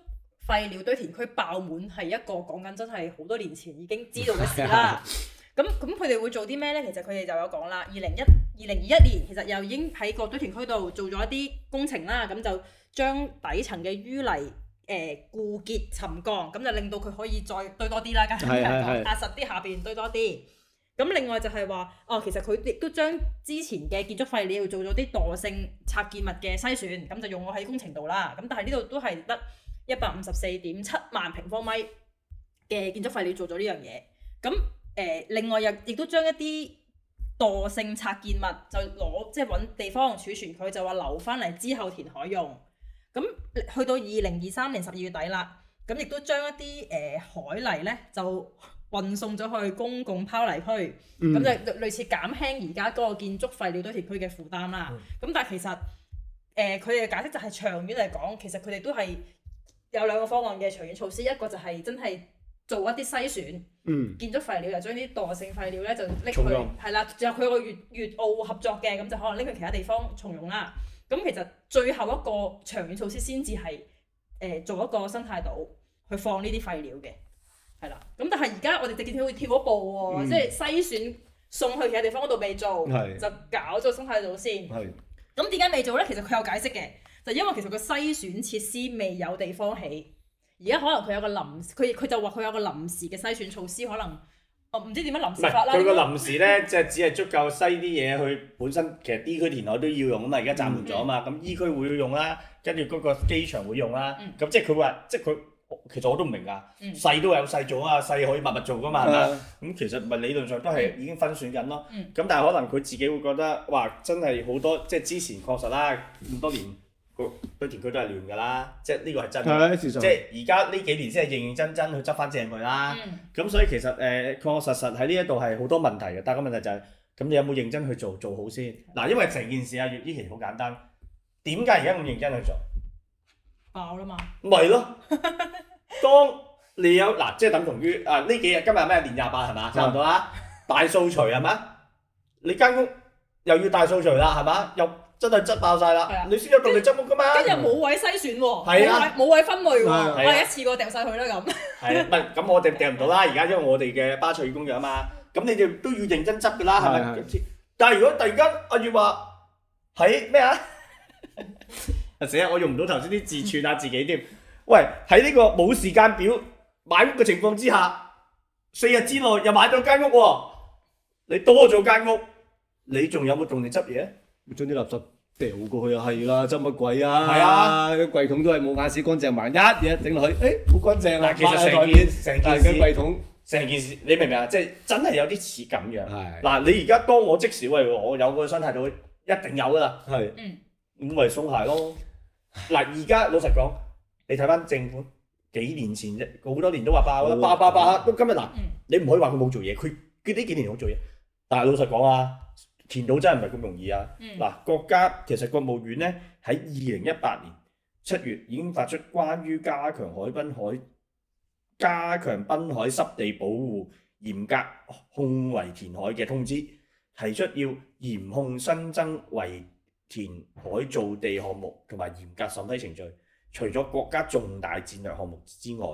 廢料堆填區爆滿係一個講緊真係好多年前已經知道嘅事啦。 咁咁佢哋會做啲咩呢？其實佢哋就有講啦。二零一二零二一年，其實又已經喺各堆填區度做咗一啲工程啦。咁就將底層嘅淤泥誒、呃、固結沉降，咁就令到佢可以再堆多啲啦。梗係壓實啲下邊堆多啲。咁是另外就係話，哦，其實佢亦都將之前嘅建築費料，你要做咗啲惰性拆建物嘅篩選，咁就用我喺工程度啦。咁但係呢度都係得一百五十四點七萬平方米嘅建築廢料，你做咗呢樣嘢，咁。誒、呃，另外又亦都將一啲惰性拆建物就攞，即係揾地方儲存，佢就話留翻嚟之後填海用。咁去到二零二三年十二月底啦，咁亦都將一啲誒、呃、海泥呢，就運送咗去公共拋泥區，咁、嗯、就類似減輕而家嗰個建築廢料堆填區嘅負擔啦。咁、嗯、但係其實誒，佢哋嘅解釋就係長遠嚟講，其實佢哋都係有兩個方案嘅長遠措施，一個就係真係。做一啲篩選，嗯、建築廢料就將啲惰性廢料咧就拎去，係啦用，就佢個粵粵澳合作嘅，咁就可能拎去其他地方重用啦。咁其實最後一個長遠措施先至係誒做一個生態島去放呢啲廢料嘅，係啦。咁但係而家我哋直接跳跳一步喎、哦，嗯、即係篩選送去其他地方嗰度未做，的就搞咗生態島先。咁點解未做咧？其實佢有解釋嘅，就是、因為其實個篩選設施未有地方起，而家可能佢有個臨，佢佢就話佢有個臨時嘅篩選措施，可能我唔知點樣臨時法啦。佢個是都臨時咧，即係 只係足夠篩啲嘢佢本身，其實 D、E、區填海都要用啊嘛，而家暫緩咗啊嘛，咁 E 區會用啦，跟住嗰個機場會用啦，咁、嗯、即係佢話，即係佢其實我都唔明㗎，嗯、細都有細做啊嘛，細可以密密做㗎嘛，係嘛、嗯？咁其實咪理論上都係已經分選緊咯，咁、嗯嗯、但係可能佢自己會覺得話真係好多，即係之前確實啦咁多年。個個地區都係亂㗎啦，即係呢個係真嘅，即係而家呢幾年先係認認真真去執翻正佢啦。咁、嗯、所以其實誒確確實實喺呢一度係好多問題嘅，但係個問題就係、是、咁，你有冇認真去做做好先？嗱，因為成件事啊，葉依琪好簡單，點解而家咁認真去做？爆啦、啊、嘛！咪咯，當你有嗱，即、就、係、是、等同於啊，呢幾日今日咩年廿八係嘛？差唔多啊，大掃除係嗎？你間屋。又要大掃除啦，係嘛？又真係執爆曬啦！你先有動力執屋噶嘛？今日冇位篩選喎，冇位冇位分類喎，我哋一次過揼曬佢啦咁。係咪咁我哋揼唔到啦？而家因為我哋嘅巴翠公寓啊嘛，咁你哋都要認真執噶啦，係咪？但係如果突然間阿月話喺咩啊？死啦！我用唔到頭先啲字串啊自己添。喂，喺呢個冇時間表買屋嘅情況之下，四日之內又買咗間屋喎，你多咗間屋。你仲有冇動力執嘢？將啲垃圾掉過去啊，係啦，執乜鬼啊？係啊，櫃桶都係冇眼屎，乾淨埋一嘢整落去，誒，好乾淨啦。其實成件成件嘅櫃桶，成件事你明唔明啊？即係真係有啲似咁樣。係嗱，你而家當我即時喂我有個身態度都一定有噶啦。係，咁咪嚟鬆懈咯。嗱，而家老實講，你睇翻政府幾年前啫，好多年都話爆，爆爆爆。咁今日嗱，你唔可以話佢冇做嘢，佢佢呢幾年冇做嘢，但係老實講啊。.填島真係唔係咁容易啊！嗱、嗯，國家其實國務院呢，喺二零一八年七月已經發出關於加強海濱海加強濱海濕地保護、嚴格控圍填海嘅通知，提出要嚴控新增圍填海造地項目，同埋嚴格審批程序。除咗國家重大戰略項目之外，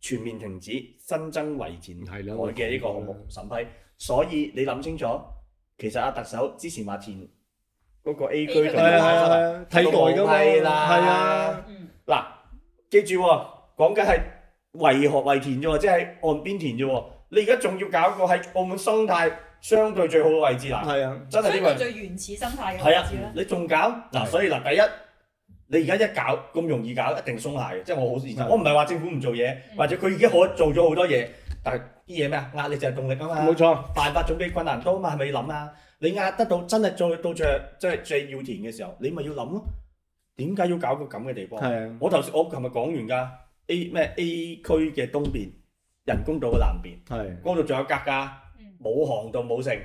全面停止新增圍填海嘅呢個項目審批。嗯、所以你諗清楚。其實阿特首之前話填嗰個 A 區，替代咁啦。係啊，嗱，記住喎，講緊係為學為填啫，即係喺岸邊填啫。你而家仲要搞個喺澳門生態相對最好嘅位置啦，係啊，真係呢個最原始生態嘅位置啦。你仲搞嗱？所以嗱，第一，你而家一搞咁容易搞，一定鬆懈嘅。即係我好認真，我唔係話政府唔做嘢，或者佢已經可以做咗好多嘢。但係啲嘢咩啊？壓力就係動力啊嘛！冇錯，辦法總比困難多啊嘛，係咪要諗啊？你壓得到真係再到最真係最要填嘅時候，你咪要諗咯。點解要搞個咁嘅地方？係啊！我頭先我琴日講完㗎，A 咩 A 區嘅東邊人工島嘅南邊，係嗰度仲有格價，冇航道，冇城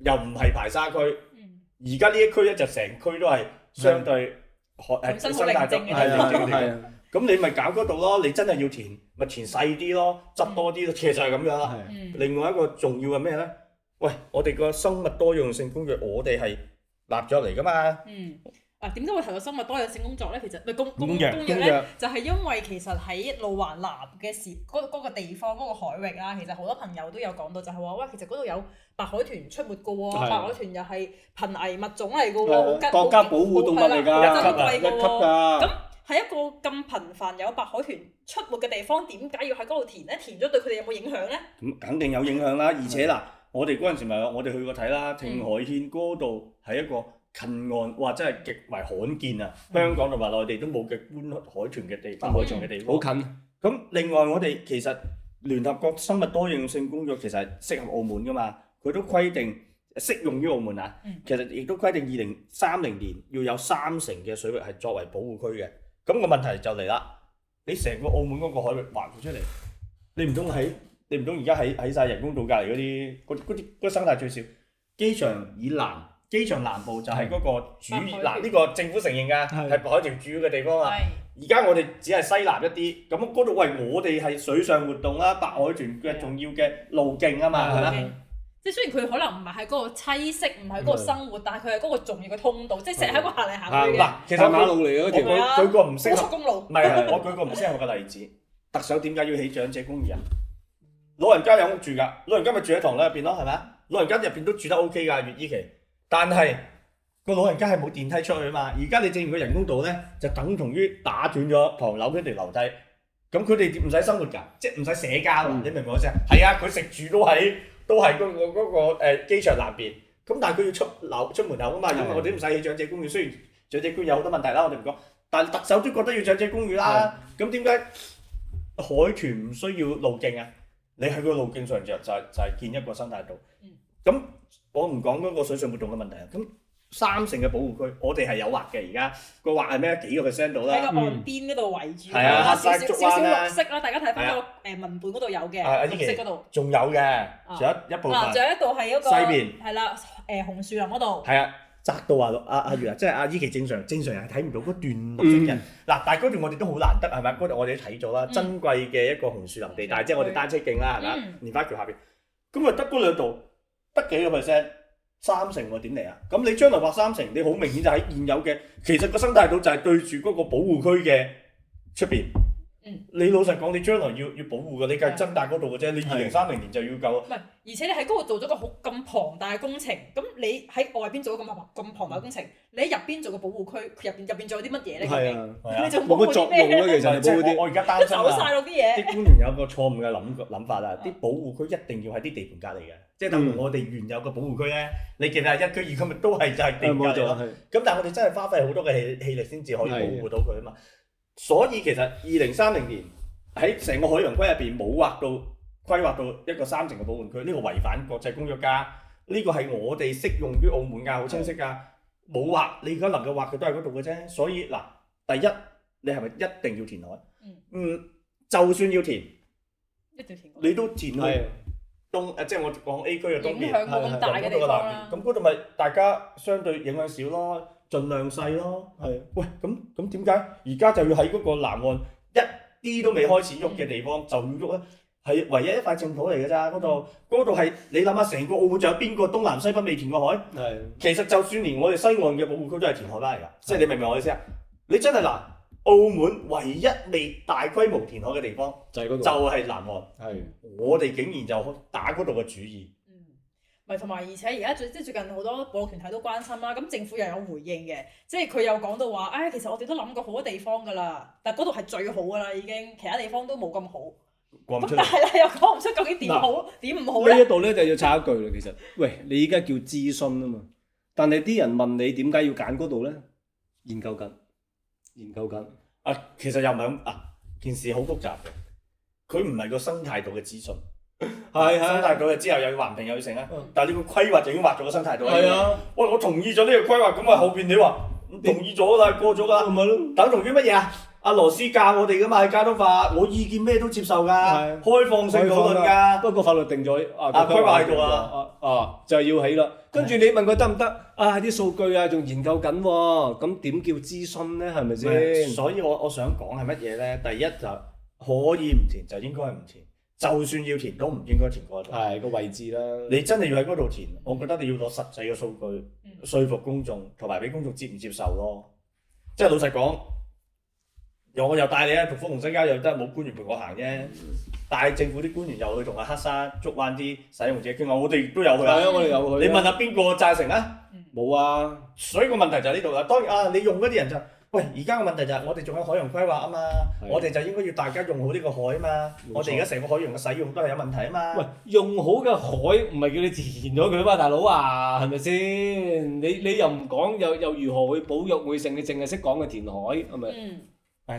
又唔係排沙區。而家呢一區咧就成區都係相對可誒相對比較係啊係啊。咁你咪搞嗰度咯，你真係要填咪填細啲咯，執多啲咯，其實係咁樣啦。另外一個重要係咩咧？喂，我哋個生物多樣性工作，我哋係立咗嚟噶嘛。嗯，啊點解會提到生物多樣性工作咧？其實咪公公公約咧，就係因為其實喺路環南嘅時，嗰嗰個地方嗰個海域啦，其實好多朋友都有講到，就係話喂，其實嗰度有白海豚出沒噶喎，白海豚又係瀕危物種嚟噶喎，國家保護動物嚟㗎，一級一級㗎。喺一個咁頻繁有白海豚出沒嘅地方，點解要喺嗰度填咧？填咗對佢哋有冇影響呢？咁肯定有影響啦！而且嗱、嗯，我哋嗰陣時咪我哋去過睇啦，聽海軒嗰度係一個近岸，哇！真係極為罕見啊！嗯、香港同埋內地都冇嘅觀海豚嘅地，地方，海豚嘅地方好近。咁另外，我哋其實聯合國生物多樣性工作其實適合澳門噶嘛？佢都規定適用於澳門啊。嗯、其實亦都規定二零三零年要有三成嘅水域係作為保護區嘅。咁個問題就嚟啦！你成個澳門嗰個海域劃出嚟，你唔通喺，你唔通而家喺喺曬人工島隔籬嗰啲，嗰啲嗰啲生態最少。機場以南，機場南部就係嗰個主，嗱呢的部、這個政府承認㗎，係白海豚主要嘅地方啊。而家的我哋只係西南一啲，咁嗰度喂，我哋係水上活動啦，的白海豚嘅重要嘅路徑啊嘛，係咪的？即係雖然佢可能唔係喺嗰個棲息，唔係嗰個生活，是的 但係佢係嗰個重要嘅通道，是的 即係成日喺嗰個行嚟行去嘅。嗱，其實馬路嚟路不，唔唔公路，我舉個唔適合嘅例子。是的 特首點解要起長者公寓啊？ 老人家有屋住㗎，老人家咪住喺唐樓入邊咯，係咪？老人家入邊都住得 O K 㗎，月熙期。但係，個老人家係冇電梯出去啊嘛。而家你證明佢人工島咧，就等同於打斷咗唐樓嗰條樓梯。咁佢哋唔使生活㗎？即係唔使社交，嗯、你明唔明我意思？係啊，佢食住都喺。都係嗰、那個嗰、那個誒、呃、機場南邊，咁但係佢要出樓出門口啊嘛，的因為我哋唔使去長者公寓？雖然長者公寓有好多問題啦，的我哋唔講，但係特首都覺得要長者公寓啦，咁點解海豚唔需要路徑啊？你喺個路徑上邊就係、是、就係、是、建一個生態島，咁、嗯、我唔講嗰個水上活動嘅問題啊？咁。三成嘅保護區，我哋係有劃嘅。而家個劃係咩？幾個 percent 到啦。喺個岸邊嗰度圍住，少少綠色啦。大家睇翻個誒文本嗰度有嘅。啊，依期仲有嘅，仲有一部分。嗱，仲有一度係嗰個西邊，係啦，誒紅樹林嗰度。係啊，窄到啊，阿阿如啊，即係阿依期正常，正常人係睇唔到嗰段綠色嘅。嗱，但係嗰段我哋都好難得，係咪？嗰度我哋都睇咗啦，珍貴嘅一個紅樹林地帶，即係我哋單車徑啦，係咪？蓮花橋下邊，咁啊得嗰兩度，得幾個 percent。三成我點嚟呀？咁你將來劃三成，你好明顯就喺現有嘅，其實個生態島就係對住嗰個保護區嘅出邊。你老實講，你將來要要保護嘅，你係增大嗰度嘅啫。是的 你二零三零年就要夠。唔係，而且你喺嗰度做咗個好咁龐大嘅工程，咁你喺外邊做咗咁咁龐大工程，你喺入邊做個保護區，入邊入邊仲有啲乜嘢咧？什麼呢的你仲冇乜作用咧？其實啲、就是、我而家擔心啊！啲嘢。官員有個錯誤嘅諗諗法啊！啲 保護區一定要喺啲地盤隔離嘅，即係等於我哋原有嘅保護區咧，你其實一區二區，佢咪都係就係地盤隔離咁，但係我哋真係花費好多嘅氣氣力先至可以保護到佢啊的嘛。所以其實二零三零年喺成個海洋區入邊冇劃到規劃到一個三成嘅保護區，呢個違反國際公約噶，呢個係我哋適用於澳門噶，好清晰噶。冇劃是的，你而家能夠劃嘅都係嗰度嘅啫。所以嗱，第一你係咪一定要填海？嗯，就算要填，一定填你都填海。填東誒，即係、就是、我講 A 區嘅東邊，係係係。咁嗰度咪大家相對影響少咯。盡量細咯，係。喂，咁咁點解而家就要喺嗰個南岸一啲都未開始喐嘅地方就要喐咧？係唯一一塊淨土嚟㗎咋嗰度？嗰度係你諗下，成個澳門仲有邊個東南西北未填過海？係。其實就算連我哋西岸嘅保護區都係填海啦，係的。即係你明唔明我意思？你真係嗱，澳門唯一未大規模填海嘅地方就係嗰度，就係南岸。係。我哋竟然就打嗰度嘅主意。咪同埋，而且而家最即係最近好多保護團體都關心啦。咁政府又有回應嘅，即係佢又講到話，唉、哎，其實我哋都諗過好多地方㗎啦，但係嗰度係最好㗎啦，已經其他地方都冇咁好。講唔出。咁但係又講唔出，究竟點好點唔、啊、好呢一度咧就要插一句啦，其實，喂，你依家叫諮詢啊嘛，但係啲人問你點解要揀嗰度咧？研究緊，研究緊。啊，其實又唔係咁啊，件事好複雜嘅，佢唔係個生態度嘅諮詢。係係生態島啊，之後又要環評又要成啊，但係呢個規劃就已經劃咗生態島。係啊，喂，我同意咗呢個規劃，咁啊後邊你話同意咗啦，過咗啦，咁咪咯，等同於乜嘢啊？阿羅斯教我哋噶嘛，交通法，我意見咩都接受噶，開放性討論噶。不過法律定咗啊，規劃喺度啊，啊就係要起啦。跟住你問佢得唔得？啊啲數據啊，仲研究緊，咁點叫諮詢咧？係咪先？所以我我想講係乜嘢咧？第一就可以唔填，就應該係唔填。就算要填都唔應該填過頭，係個位置啦。你真係要喺嗰度填，我覺得你要攞實際嘅數據説、嗯、服公眾，同埋俾公眾接唔接受咯。即係老實講，又我又帶你啊，福隆新街又真係冇官員陪我行啫。嗯、帶政府啲官員又去同阿黑沙捉翻啲使用者，佢話我哋都有去，我哋有去。係我有去你問下邊個贊成啦？冇啊、嗯。所以個問題就喺呢度啦。當然啊，你用嗰啲人就。而家嘅問題就係我哋仲有海洋規劃啊嘛，我哋就應該要大家用好呢個海啊嘛。我哋而家成個海洋嘅使用都係有問題啊嘛。喂，用好嘅海唔係叫你填咗佢咩，大佬啊，係咪先？你你又唔講又又如何會保育會成？你淨係識講嘅填海係咪？嗯。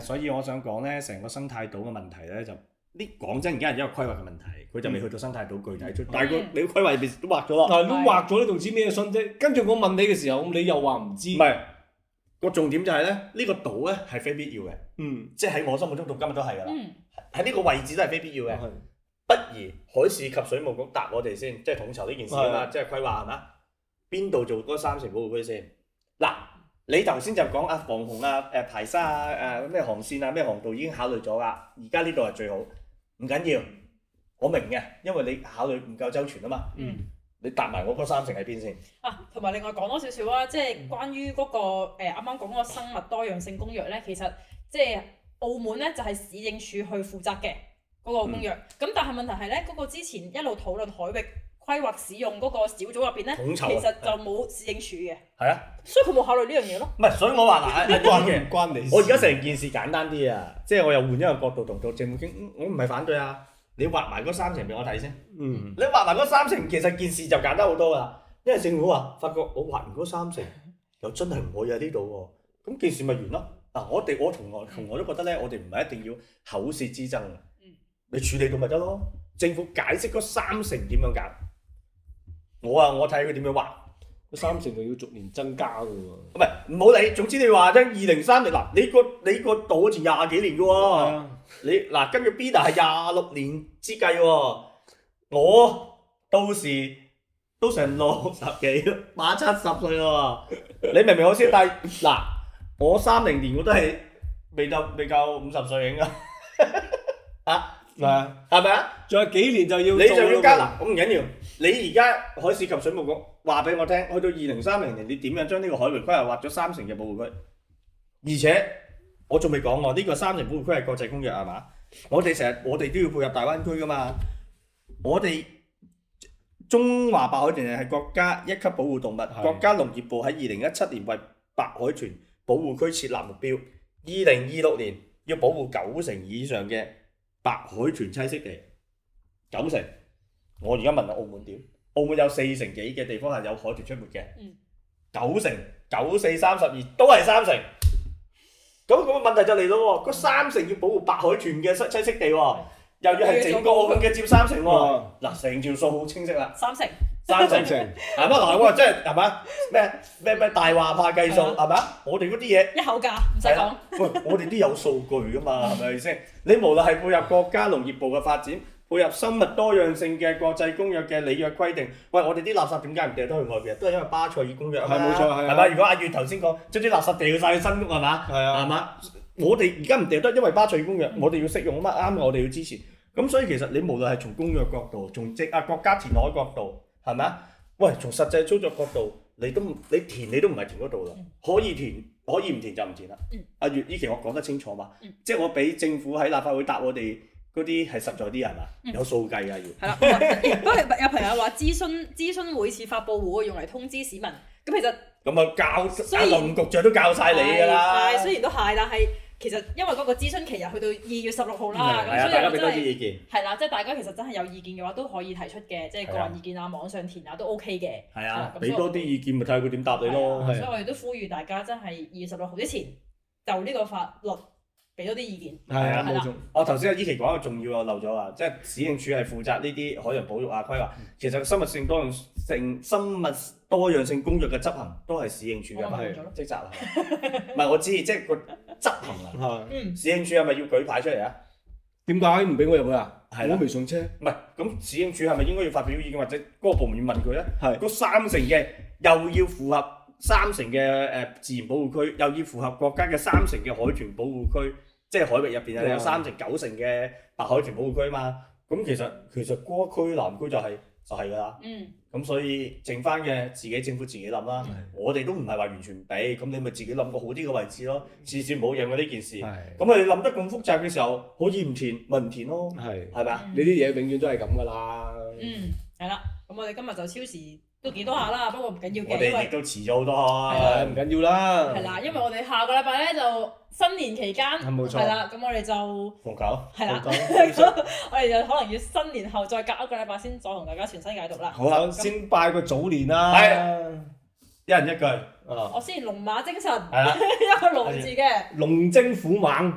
誒，所以我想講咧，成個生態島嘅問題咧，就呢講真，而家係因為規劃嘅問題，佢就未去到生態島具體出。但係佢你規劃入邊都畫咗啦。但係都畫咗，你仲知咩信息？跟住我問你嘅時候，你又話唔知。唔係。個重點就係咧，呢個島咧係非必要嘅，嗯，即係喺我心目中到今日都係㗎喇，喺呢、嗯、個位置都係非必要嘅。啊、的不如海事及水務局答我哋先，即、就、係、是、統籌呢件事啊嘛，是即係規劃係嘛？邊度做嗰三成保護區先？嗱、啊，你頭先就講啊防洪啊、誒、呃、排沙啊、誒、呃、咩航線啊、咩航道已經考慮咗㗎，而家呢度係最好，唔緊要，我明嘅，因為你考慮唔夠周全啊嘛。嗯。你答埋我嗰三成喺邊先啊，同埋另外講多少少啊，即係關於嗰個誒，啱啱講嗰個生物多樣性公約咧，其實即係澳門咧就係市政署去負責嘅嗰個公約，咁但係問題係咧，嗰個之前一路討論海域規劃使用嗰個小組入邊咧，其實就冇市政署嘅。係啊，所以佢冇考慮呢樣嘢咯。唔係，所以我話嗱，關嘅， 關你。我而家成件事簡單啲啊，即係我又換一個角度同做政府經，我唔係反對啊。你畫埋嗰三成俾我睇先、嗯哼。嗯。你畫埋嗰三成，其實件事就簡單好多噶啦。因為政府啊，發覺我畫完嗰三成又真係唔可以喺呢度喎，咁件事咪完咯。嗱，我哋我同學同我都覺得咧，我哋唔係一定要口舌之爭嘅。嗯。你處理到咪得咯？政府解釋嗰三成點樣搞？我啊，我睇佢點樣畫。嗰三成就要逐年增加嘅喎、啊。唔係，唔好理。總之你話啫，二零三零嗱，你、呢個你個道前廿幾年嘅喎、啊。你嗱，今日 B 大係廿六年之計喎，我到時都成六十幾，八七十歲咯喎，你明唔明？好衰， 但嗱，我三零年我都係未夠，未夠五十歲應該，嚇，係啊，係咪啊？仲有幾年就要你就要加啦，咁唔緊要，你而家海事及水務局話俾我聽，去到二零三零年，你點樣將呢個海域規劃劃咗三成嘅保護區，而且。我仲未講喎，呢、這個三城保護區係國際公約係嘛？我哋成日，我哋都要配合大灣區噶嘛。我哋中華白海豚係國家一級保護動物，是國家農業部喺二零一七年為白海豚保護區設立目標，二零二六年要保護九成以上嘅白海豚棲息地。九成，我而家問下澳門點？澳門有四成幾嘅地方係有海豚出沒嘅，嗯、九成九四三十二都係三成。咁咁個問題就嚟到喎，個三成要保護白海豚嘅棲棲息地喎，又要係整個咁嘅接三成喎，嗱成條數好清晰啦。三成，三成三成。阿媽嚟喎，真係係嘛？咩咩咩大話怕計數係嘛？我哋嗰啲嘢一口價唔使講。喂，我哋啲有數據㗎嘛？係咪先？ 你無論係配合國家農業部嘅發展。配合生物多樣性嘅國際公約嘅里約規定，喂，我哋啲垃圾點解唔掉得去外邊？都係因為巴塞爾公約啊嘛，係咪吧？係啊。如果阿月頭先講，將啲垃圾掉晒去新屋係咪啊？係啊。係嘛？我哋而家唔掉得，因為巴塞爾公約，我哋要適用啊嘛，啱、嗯、對我哋要支持。咁所以其實你無論係從公約角度，從殖啊國家填海角度，係咪啊？喂，從實際操作角度，你都唔，你填你都唔係填嗰度啦，可以填，可以唔填就唔填啦。嗯、阿月依期我講得清楚嘛？即、就、係、是、我俾政府喺立法會答我哋。嗰啲係實在啲人、嗯、啊，有數計㗎要。係啦，不過有朋友話諮詢諮詢，每次發佈會用嚟通知市民，咁其實咁啊教啊，林局長都教晒你㗎啦。雖然都係，但係其實因為嗰個諮詢期又去到二月十六號啦，咁所以我真係好多意見。係啦，即係大家其實真係有意見嘅話都可以提出嘅，即係個人意見啊、網上填啊都 OK 嘅。係啊，俾多啲意見咪睇下佢點答你咯。所以我哋都呼籲大家真係二月十六號之前就呢個法律。俾咗啲意見，係啊冇錯。我頭先阿依奇講嘅重要我漏咗啊，即係市政署係負責呢啲海洋保育啊規劃。其實生物性多樣性、生物多樣性公約嘅執行都係市政署嘅，係職責啊。唔係我知，即係個執行啊。市政署係咪要舉牌出嚟啊？點解唔俾我入去啊？我未上車。唔係，咁市政署係咪應該要發表意見，或者嗰個部門要問佢咧？係嗰三成嘅又要符合三成嘅誒自然保護區，又要符合國家嘅三成嘅海豚保護區，即係海域入邊啊，有三成九成嘅白海豚保護區嘛。咁、嗯、其實其實過區南區就係、是、就係㗎啦。嗯。咁所以剩翻嘅自己政府自己諗啦。嗯、我哋都唔係話完全俾，咁你咪自己諗個好啲嘅位置咯。次次冇癮嘅呢件事。係。咁你諗得咁複雜嘅時候，可以唔填咪唔填咯。係咪？係嘛？呢啲嘢永遠都係咁㗎啦。嗯，係啦。咁我哋今日就超時。都幾多下啦，不過唔緊要嘅，因為我哋亦都遲咗好多，唔緊要啦。係啦，因為我哋下個禮拜咧就新年期間係啦，咁我哋就龍狗係啦，我哋就可能要新年後再隔一個禮拜先再同大家傳新解毒啦。好，先拜個早年啦，一人一句，我先龍馬精神，一個龍字嘅龍精虎猛。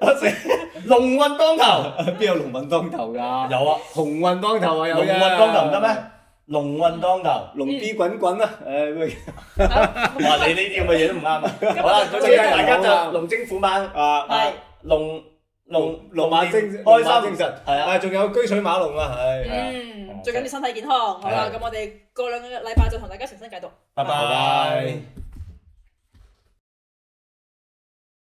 乜事？龍運當頭？邊有龍運當頭噶？有啊，鴻運當頭啊，有啊。龍運當頭唔得咩？龍運當頭，龍飛滾滾啦。唉，哇！你呢啲咁嘅嘢都唔啱啊。好啦，咁今日大家就龍精虎猛啊，龍龍龍馬精神，開心精神係啊。仲有車水馬龍啊，唉。嗯，最緊要身體健康。好啦，咁我哋過兩個禮拜就同大家傳新解毒。拜拜。